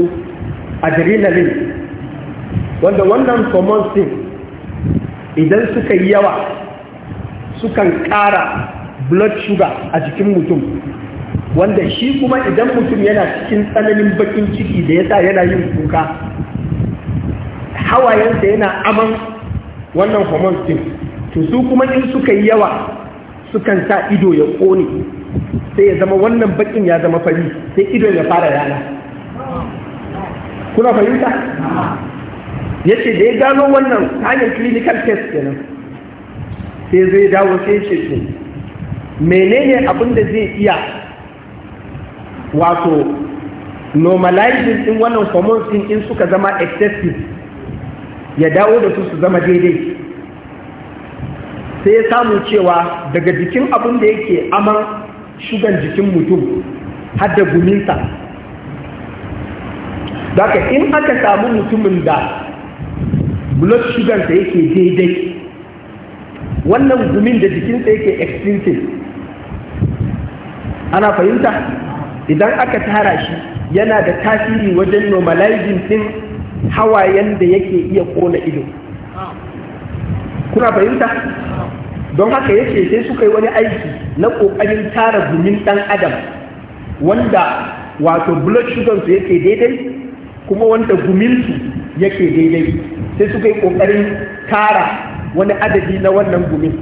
A: adrenaline wanda wannan hormones ɗin idan suka yi yawa sukan ƙara blood sugar a jikin mutum wanda shi kuma idan mutum yana cikin tsananin bakin ciki da yasa yana yin kuka hawayensa yana aman wannan hormones din to su kuma in suka yi yawa sukan sa ido ya kone sai ya zama wannan bakin ya zama fari sai ido ya fara yana kuna fahimta Ya ce da ya gano wannan hanyar clinical test kenan sai zai dawo sai ce menene abin da zai iya wato normalizing din wannan hormones din in suka zama excessive ya dawo da su su zama daidai sai ya samu cewa daga jikin abin da yake aman shugan jikin mutum har da guminsa daga in aka samu mutumin da blood sugarsa yake daidai wannan gumin da jikinsa yake extrinsic ana fahimta idan aka tara shi yana da tasiri wajen normalizing din hawayen da yake iya kona ido kuna fahimta don haka yake sai suka yi wani aiki na kokarin tara gumin dan adam wanda wato blood sugar su yake daidai kuma wanda gumin su yake daidai sai suka yi kokarin tara wani adadi na wannan gumin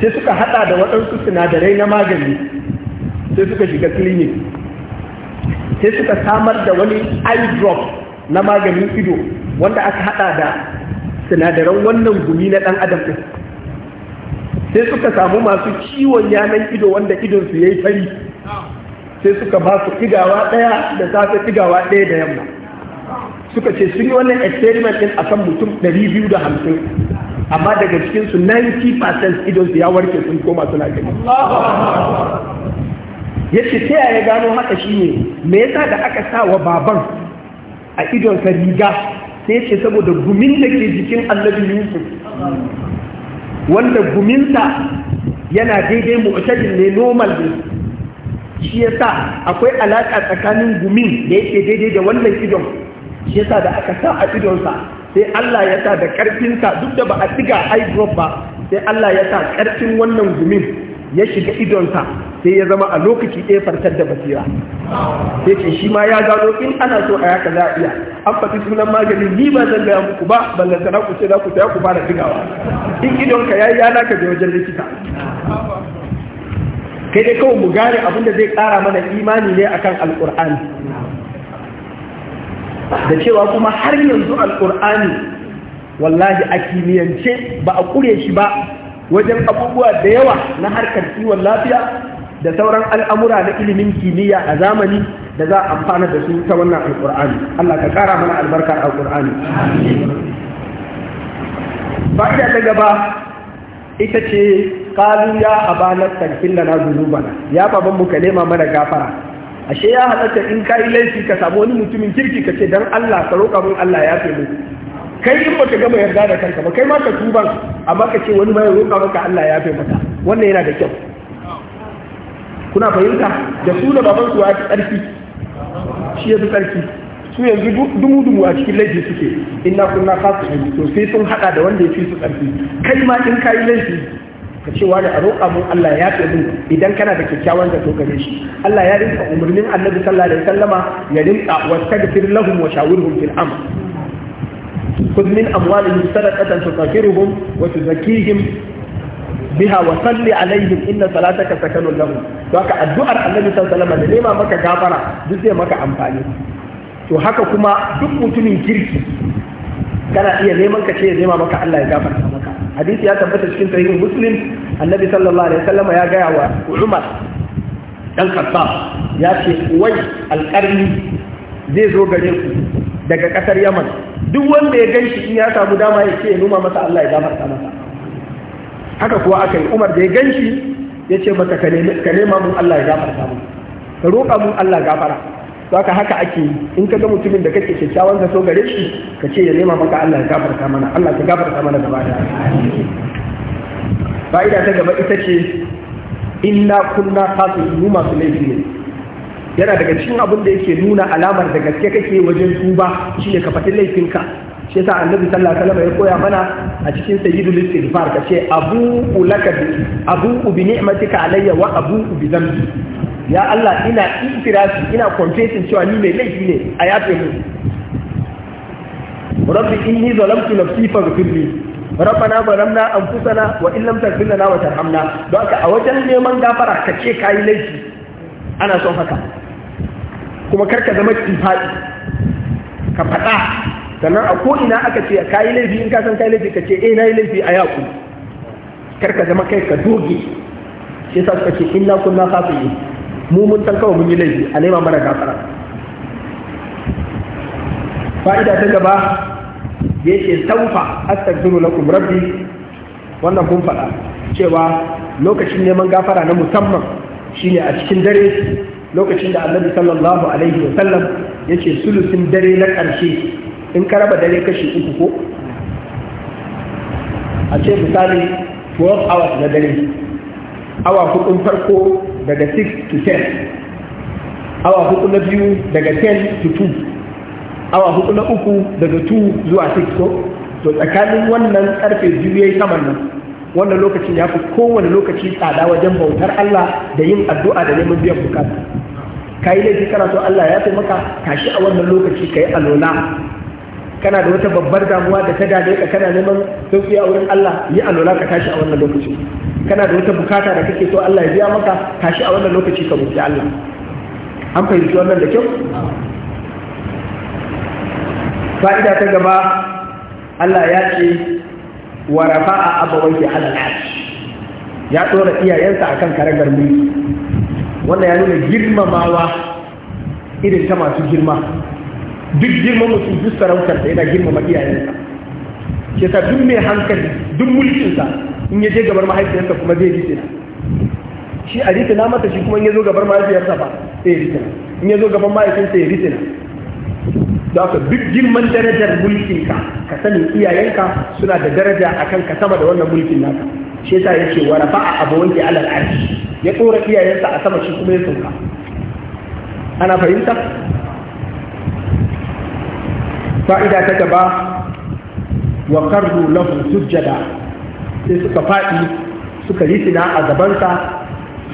A: sai suka hada da waɗansu sinadarai na magani sai suka shiga clinic sai suka samar da wani eye drop na maganin ido wanda aka hada da sinadaran wannan gumi na dan adam din sai suka samu masu ciwon yanan ido wanda idon su yayi fari sai suka ba su ɗaya da safe ɗigawa ɗaya da yamma suka ce sun yi wannan experiment ɗin kan mutum 250 amma daga cikinsu 90% idon su ya warke sun koma suna gani yace ta ya gano haka shine me yasa da aka sa wa baban a idonsa riga sai ce saboda gumin da ke jikin annabi yusuf wanda guminsa yana daidai mu'tadil ne normal ne shi yasa akwai alaƙa tsakanin gumin da yake daidai da wannan idon shi yasa da aka sa a idonsa sai Allah ya sa da karfinsa duk da ba a diga eye drop ba sai Allah ya sa karfin wannan gumin ya shiga idonsa sai ya zama a lokaci ɗaya farkar da basira sai ce shi ma ya gano in ana so a yaka za a iya an faɗi sunan maganin ni ba zan gaya muku ba ballanta na ku ce za ku ku fara digawa in idonka ya yi yana ka da wajen likita kai dai kawai mu gane abin da zai ƙara mana imani ne akan alƙur'ani da cewa kuma har yanzu alƙur'ani wallahi a kimiyyance ba a ƙure shi ba wajen abubuwa da yawa na harkar kiwon lafiya da sauran al'amura na ilimin kimiyya a zamani da za a amfana da su ta wannan alƙur'ani Allah ka ƙara mana albarkar alƙur'ani iya ta gaba ita ce ƙalu ya abana tarfin da na bana. ya baban mu nema mana gafara ashe ya halatta in ka yi laifi ka samu wani mutumin kirki ka ce don Allah ka roƙa mun Allah ya fi mu kai in baka gama yarda da kanka ba kai ma ka tuba amma ka ce wani ma ya roƙa maka Allah ya fi mata wannan yana da kyau kuna fahimta da su da baban su a tsarki shi ya fi tsarki su yanzu dumu-dumu a cikin laifi suke inna kunna fasiqin to sai sun hada da wanda ya fi su tsarki kai ma in kai laifi ka ce wani a roƙa mun Allah ya fi mun idan kana da kyakkyawan da tokare shi Allah ya rinka umarnin Annabi sallallahu alaihi wasallam ya rinka wastaghfir lahum wa shawirhum fil amr خذ من sadaqatan صدقة wa وتزكيهم biha wa salli alaihim inna salataka kano lahum to haka addu'ar annabi sallallahu alaihi wasallam nema maka gafara duk zai maka amfani to haka kuma duk mutumin kirki kana iya neman ka ce ya nema maka Allah ya gafarta maka hadisi ya tabbata cikin sahihin muslim annabi sallallahu alaihi wasallam ya gaya wa Umar dan Khattab ya ce wai alƙarni zai zo gare ku daga ƙasar Yaman duk wanda ya ganshi in ya samu dama ya ce ya numa masa Allah ya haka kuwa aka yi umar da ya gan shi ya ce mata ka nema mun Allah ya gafarta samu, ka roƙa mun Allah gafara to haka haka ake yi in ka ga mutumin da kake kyakkyawan ka so gare shi ka ce ya nema maka Allah ya gafarta mana Allah ya gafarta mana gaba da fa'ida ta gaba ita ce inna kunna qatilun mu masu laifin yana daga cikin abin da yake nuna alamar da gaske kake wajen tuba shine ka faɗi laifinka shi yasa annabi sallallahu alaihi wasallam ya koya mana a cikin sayyidul istighfar ka ce abu ulaka bi abu bi ni'matika alayya wa abu bi dhanbi ya Allah ina istirafi ina confessing cewa ni mai laifi ne a yafe mu rabbi inni zalamtu nafsi ghfirli rabbana zalamna anfusana wa illam taghfir lana wa tarhamna don haka a wajen neman gafara ka ce kai laifi ana son haka kuma karka zama tifadi ka faɗa sannan a ko ina aka ce ka yi laifi in ka san ka yi laifi ka ce eh na yi laifi a yaku kar ka zama kai ka doge shi yasa suka ce inna kunna khafiyin mu mun san kawai mun yi laifi a nema mara gafara fa'ida ta gaba da yake saufa astagfiru lakum rabbi wannan kun faɗa cewa lokacin neman gafara na musamman shine a cikin dare lokacin da annabi sallallahu alaihi wa sallam yace sulusin dare na ƙarshe in ka raba dare kashi uku ko a ce misali 12 hours na dare awa hudun farko daga 6 to 10 awa hudu na biyu daga 10 to 2 awa hudu na uku daga 2 zuwa 6 ko to tsakanin wannan karfe biyu ya yi saman nan wannan lokacin ya fi kowane lokaci tsada wajen bautar Allah da yin addu'a da neman biyan bukata ka yi laifi kana so Allah ya taimaka kashi a wannan lokaci ka yi alola kana da wata babbar damuwa da ta dame ka kana neman sauki a wurin Allah yi alola ka tashi a wannan lokaci kana da wata bukata da kake so Allah ya biya maka tashi a wannan lokaci ka roki Allah an fahimci wannan da kyau fa'ida ta gaba Allah ya ce wa rafa'a abawaihi ala al'arsh ya dora iyayensa akan karagar mulki wannan ya nuna girmamawa irin ta masu girma duk girman mutu duk sarautarsa yana girmama iyayensa ke sa duk mai hankali duk mulkinsa in ya je gabar mahaifiyarsa kuma zai rikina shi a rikina mata shi kuma in ya zo gabar mahaifiyarsa ba sai rikina in ya zo gaban mahaifinsa ya rikina da haka duk girman darajar mulkin ka ka sani iyayenka suna da daraja akan ka sama da wannan mulkin naka shi yasa yace wa rafa'a abawanki alal arshi ya tsora iyayensa a sama shi kuma ya sauka ana fahimta fa'ida ta gaba wa karnu lahu sujjada sai suka faɗi suka yi sina a gabansa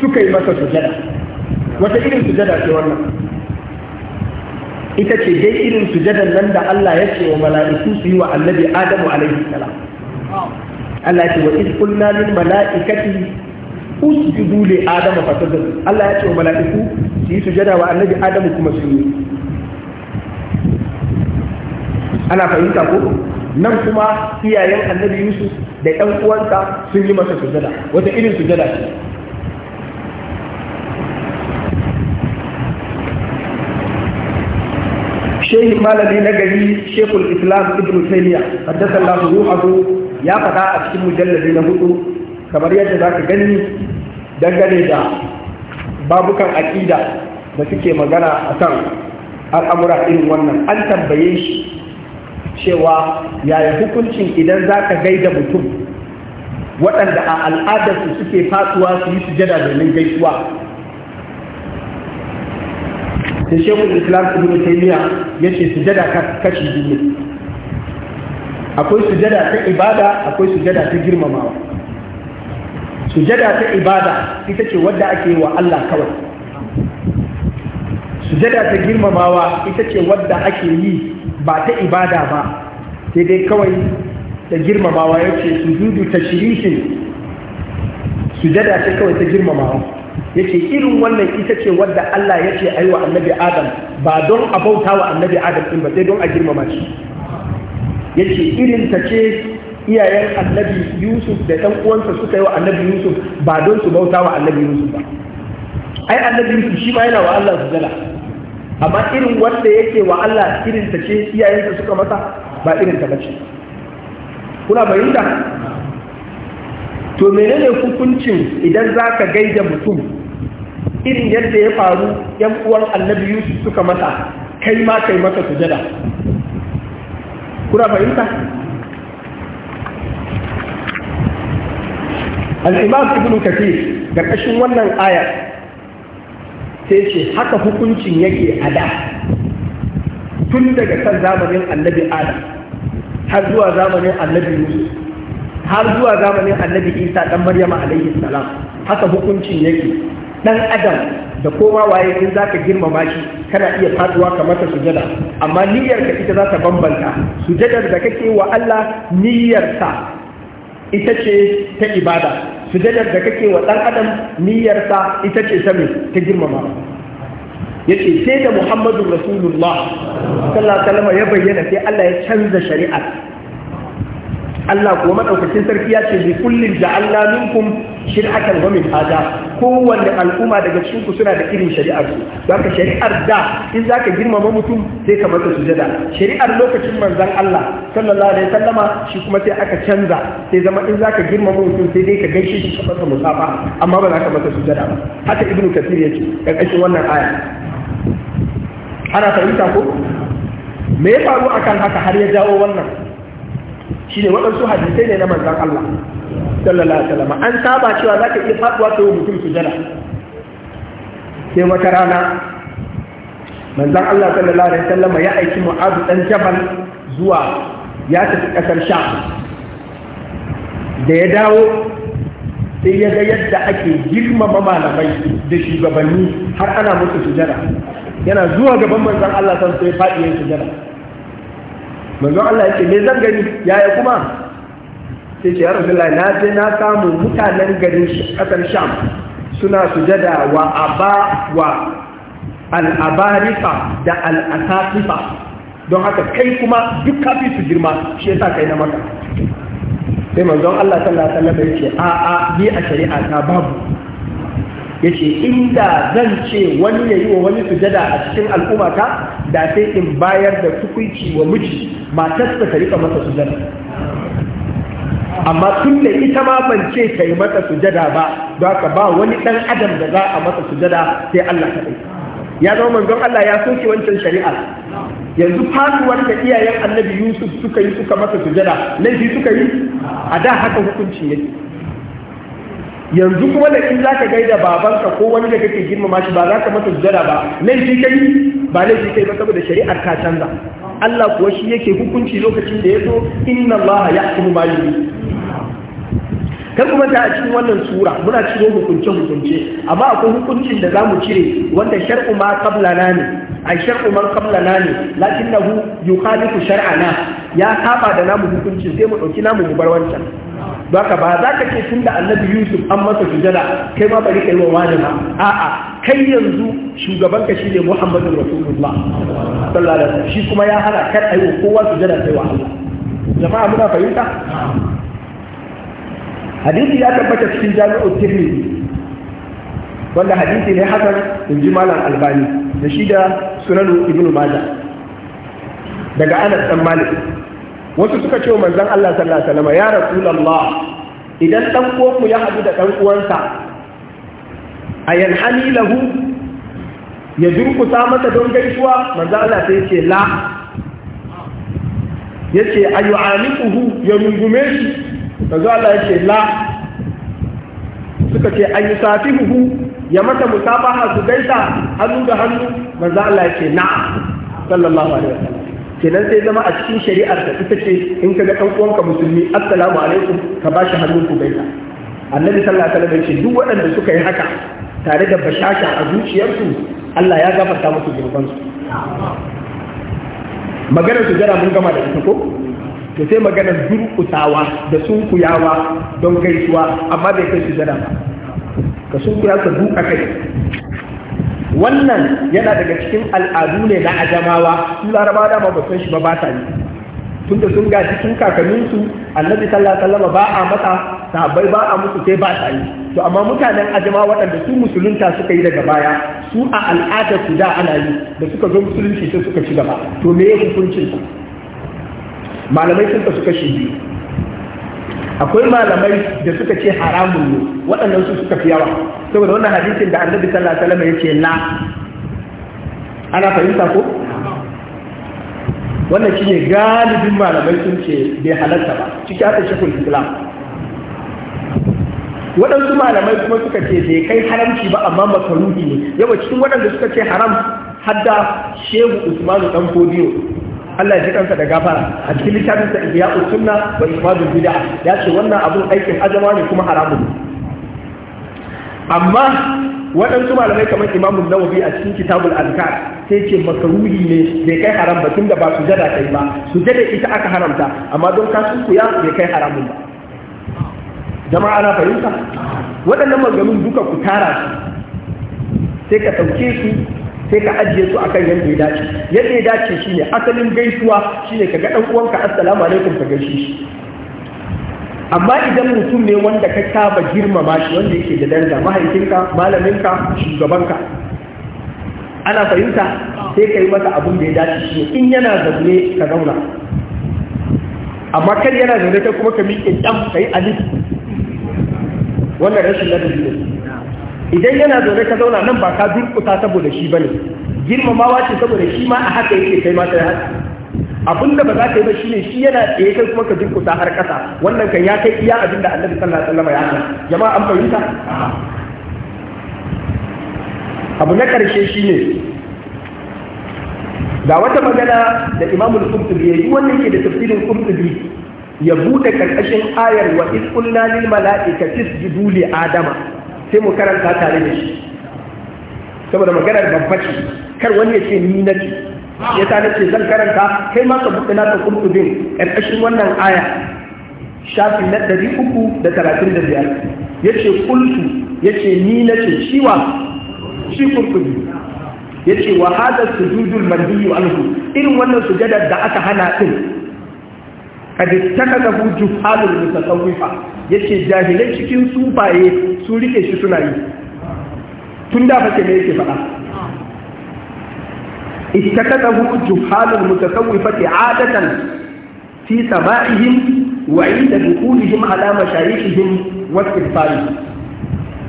A: suka yi masa sujjada wata irin sujjada ce wannan ita ce dai irin sujadan nan da Allah ya ce wa mala'iku su yi wa annabi Adamu alaihi salam Allah ya ce wa iz qulna lil mala'ikati usjudu li Adam fa sajadu Allah ya ce wa mala'iku su yi sujada wa annabi Adamu kuma su yi ana fahimta ko nan kuma iyayen annabi yusuf da ɗan uwansa sun yi masa sujada wata irin sujada ce shehi malami na gari shekul islam ibn taymiya haddasa allahu ruhu ya faɗa a cikin mujallabi na hudu kamar yadda za ka gani dangane da babukan aƙida da suke magana a kan al'amura irin wannan an tambaye shi cewa yaya hukuncin idan za ka gaida mutum waɗanda a al'adarsu suke fasuwa su yi sujada domin gaisuwa da shehu islam ibn taymiya ya ce sujada kashi biyu akwai sujada ta ibada akwai sujada ta girmamawa sujada ta ibada ita ce wadda ake wa Allah kawai sujada ta girmamawa ita ce wadda ake yi ba ta ibada ba sai dai kawai ta girmamawa ya ce su dudu ta shirishin su jada ce kawai ta girmamawa ya ce irin wannan ita ce wadda Allah ya ce a yi wa annabi adam ba don a bauta wa annabi adam ɗin ba sai don a girmama shi ya ce irin ta ce iyayen annabi yusuf da ɗan uwansa suka yi wa annabi yusuf ba don su bauta wa annabi yusuf ba ai annabi yusuf shi ma yana wa Allah su jada amma irin wanda yake wa Allah irin ta ce iyayensa suka masa ba irin ta bace kuna bayyana to menene hukuncin idan zaka gaida mutum irin yadda ya faru yan uwan annabi Yusuf suka masa kai ma kai masa sujada kuna fahimta al-imam ibn kathir ga kashin wannan ayar sai ce haka hukuncin yake a da tun daga kan zamanin annabi adam har zuwa zamanin annabi yusuf har zuwa zamanin annabi isa dan maryama alaihi salam haka hukuncin yake dan adam da koma waye in zaka girmama shi kana iya faduwa kamar masa sujada amma niyyar ita za ta bambanta sujadar da kake wa Allah niyyar ita ce ta ibada sujadar da kake wa ɗan adam niyyarsa ita ce ta ta girmama yace sai da Muhammadu Rasulullah sallallahu alaihi ya bayyana sai Allah ya canza shari'a Allah kuma madaukakin sarki ya ce bi kullin ja'alna minkum shir'atan wa min hada kowanne al'umma daga cikin ku suna da irin shari'ar su zaka shari'ar da in zaka girmama mutum sai ka masa sujada shari'ar lokacin manzan Allah sallallahu alaihi sallama shi kuma sai aka canza sai zama in zaka girmama mutum sai dai ka gaishe shi ka masa musafa amma ba za ka masa sujada ba haka ibnu kathir yake karkashin wannan aya ana fahimta ko me ya faru akan haka har ya jawo wannan shi ne waɗansu hadisai ne na manzan Allah sallallahu alaihi wasallam an saba cewa za iya faduwa ka yi mutum sujada sai wata rana manzan Allah sallallahu alaihi wasallam ya aiki mu'azu dan jabal zuwa ya tafi kasar sha da ya dawo sai ya ga yadda ake girmama malamai da shugabanni har ana musu sujada yana zuwa gaban manzon Allah san sai faɗi yin sujada manzon Allah yake me zan gani yaya kuma sai ce ya rasulullah na je na samu mutanen garin kasar sham suna sujada wa aba wa al'abarifa da al'asafifa don haka kai kuma duk kafi su girma shi yasa kai na maka sai manzon Allah sallallahu alaihi wasallam yace a a bi a shari'a ta babu yace inda zan ce wani yayi wa wani sujada a cikin al'umma ta da sai in bayar da tukunci wa miji matar ta rika masa sujada amma tun da ita ma ban ce ta yi mata sujada ba don haka ba wani dan adam da za a masa sujada sai Allah kaɗai ya zama manzon Allah ya soke wancan shari'a yanzu fasuwar da iyayen annabi Yusuf suka yi suka masa sujada laifi suka yi a da haka hukunci yake yanzu kuma da in za ka gaida babanka ko wani da kake girmama shi ba za ka masa sujada ba laifi ka yi? ba laifi kai ba saboda shari'ar ka canza Allah kuwa shi yake hukunci lokacin da ya zo inna Allah ya hukumu kan kuma ta a cikin wannan sura muna ciro hukunce hukunce amma akwai hukuncin da zamu cire wanda shar'u ma na ne ai shar'u man na ne lakinnahu yukhalifu shar'ana ya saba da namu hukuncin sai mu ɗauki namu mu bar wancan baka ba za ka ce tun da annabi yusuf an masa sujada kai ma bari kai wa wani ba a'a kai yanzu shugaban ka shine muhammadu rasulullah sallallahu alaihi wasallam shi kuma ya hana kar ayi kowa sujada sai wa Allah jama'a muna fahimta hadisi ya tabbata cikin jami'ar tirmidhi wanda hadisi ne hasan in ji malam albani da shi da sunanu ibn maja daga anas dan malik wasu suka ce manzon Allah sallallahu alaihi wasallam ya rasulullah idan dan uwanku ya hadu da dan uwansa ayan hali lahu ya durkusa masa don gaisuwa manzon Allah sai ce la yace ayu amikuhu ya rungume shi yanzu Allah ya ce la suka ce an yi safi huhu ya mata musafaha su gaisa hannu da hannu manzo Allah ya ce na sallallahu alaihi wasallam kenan sai zama a cikin shari'ar ta ita ce in ka ga ɗan uwanka musulmi assalamu alaikum ka ba shi hannun ku gaisa annabi sallallahu alaihi wasallam ya ce duk waɗanda suka yi haka tare da bashasha a zuciyarsu Allah ya gafarta musu zunubansu maganar su gara mun gama da ita ko da sai maganar durkutawa da sunkuyawa don gaisuwa amma bai kai su jada ba ka sunkuya ka duka kai wannan yana daga cikin al'adu ne na ajamawa su larabawa dama ba san shi ba ba ta yi tunda sun gaji sun kakanninsu annabi sallallahu alaihi wasallam ba a mata sahabbai ba a musu sai ba ta yi to amma mutanen ajama waɗanda su musulunta suka yi daga baya su a al'adar su da ana yi da suka zo musulunci sai suka ci gaba to me ya hukuncin su malamai sun kasu kashi biyu akwai malamai da suka ce haramun ne waɗannan su suka fi yawa saboda wannan hadisin da annabi sallallahu alaihi wasallam yake la ana fahimta ko wannan shine galibin malamai sun ce bai halarta ba ciki haka kun islam waɗansu malamai kuma suka ce bai kai haramci ba amma makaruhi ne yawa cikin waɗanda suka ce haram hadda shehu usmanu dan fodiyo Allah ya ji kansa da gafara a cikin littafin sa Ihya'us Sunna wa Ifadul Bid'ah ya ce wannan abun aikin azama ne kuma haramun amma waɗansu malamai kamar Imam Nawawi a cikin Kitabul Azkar sai ce makaruhi ne bai kai haram ba tunda ba jada kai ba su sujada ita aka haramta amma don ka ya bai kai haramun ba jama'a na fahimta waɗannan maganin duka ku tara su sai ka ɗauke su sai ka ajiye su akan yadda ya dace yadda ya dace shine asalin gaisuwa shine ka ga dan uwanka assalamu alaikum ka gaishe shi amma idan mutum ne wanda ka saba girmama shi wanda yake da daraja mahaifinka malaminka shugabanka ana fahimta sai ka yi masa abin da ya dace shi in yana zaune ka zauna amma kan yana zaune ta kuma ka miƙe ɗan ka yi alif wannan rashin ladabi ne idan yana zaune ka zauna nan ba ka durkuta saboda shi bane girmamawa ce saboda shi ma a haka yake kai mata ya haka abin da ba za ka yi ba shine shi yana tsaye kai kuma ka durkuta har kasa wannan kan ya kai iya abin da annabi sallallahu alaihi wasallam ya hana jama'a an fahimta abu na karshe shine ga wata magana da al qurtubi yayi wannan ke da tafsirin qurtubi ya bude karkashin ayar wa iz qulna lil mala'ikati isjudu li adama sai mu karanta tare da shi saboda maganar babbaci kar wani ya ce ni na ce ya ta nace zan karanta kai ma ka buɗe naka kurkudin ƙarƙashin wannan aya shafi na ɗari uku da talatin da biyar ya ce kultu ya ce ni na ce shi shi ya ce wa hada dudu mandiyu alhu irin wannan sujadar da aka hana ɗin kada takadahu juhalul ya yace jahilai cikin sufaye su rike shi suna yi tun da fake ne yake faɗa ittakadahu juhalul ke adatan fi sama'ihim wa inda dukulihim ala mashayihim wa ya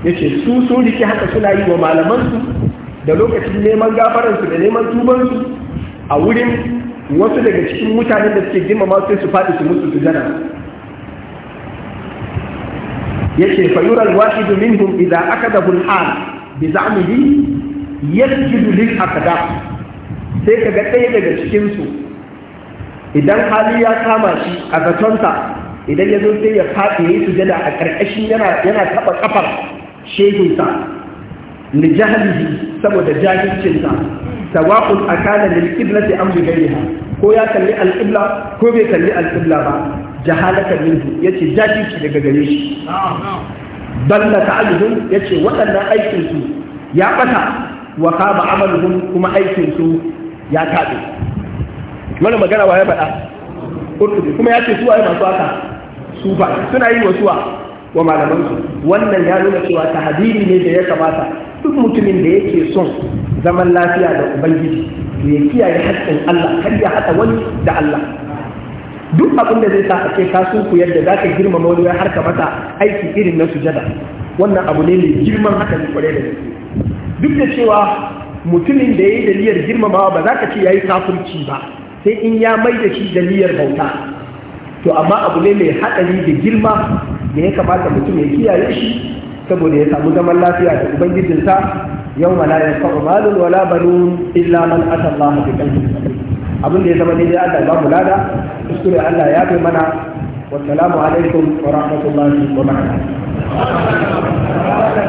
A: yace su sun rike haka suna yi wa malaman su da lokacin neman gafaransu da neman tubansu a wurin wasu daga cikin mutanen da suke girmama sai su faɗi su musu sujada yace fa yura al-wahid minhum idha akadahu al-hal bi za'mihi yasjudu lil aqdam sai kaga ɗaya daga cikin su idan hali ya kama shi a zatonsa idan ya zo sai ya faɗi yayi sujada a ƙarƙashin yana yana taba kafar shehinsa li jahlihi saboda jahilcinsa sawa'un akana lil qiblati am li ghayriha ko ya kalli al qibla ko bai kalli al qibla ba jahalatan minhu yace jahilci daga gare shi balla ta'alluhum yace waɗannan aikin su ya bata wa qaba amaluhum kuma aikin su ya tabe wannan magana wa ya faɗa kurtubi kuma yace su ai masu haka su ba suna yi wa suwa wa malamansu wannan ya nuna cewa tahadiri ne da ya kamata duk mutumin da yake son zaman lafiya da ubangiji to ya kiyaye haƙƙin Allah kar ya haɗa wani da Allah duk abin da zai sa a ce ka yadda za ka girmama wani har ka mata aiki irin na sujada wannan abu ne mai girman haka ne kware da gaske duk da cewa mutumin da ya yi daliyar girmamawa ba za ka ce ya yi kafurci ba sai in ya mai da shi daliyar bauta to amma abu ne mai haɗari da girma Me ya kamata mutum ya kiyaye shi saboda ya samu zaman lafiya da ubangijinsa yau ma la yanfa'u malun wala banun illa man ata Allah bi qalbin abin da ya zama daidai Allah ba mu lada kuskure Allah ya kai mana wassalamu alaikum wa rahmatullahi wa
C: barakatuh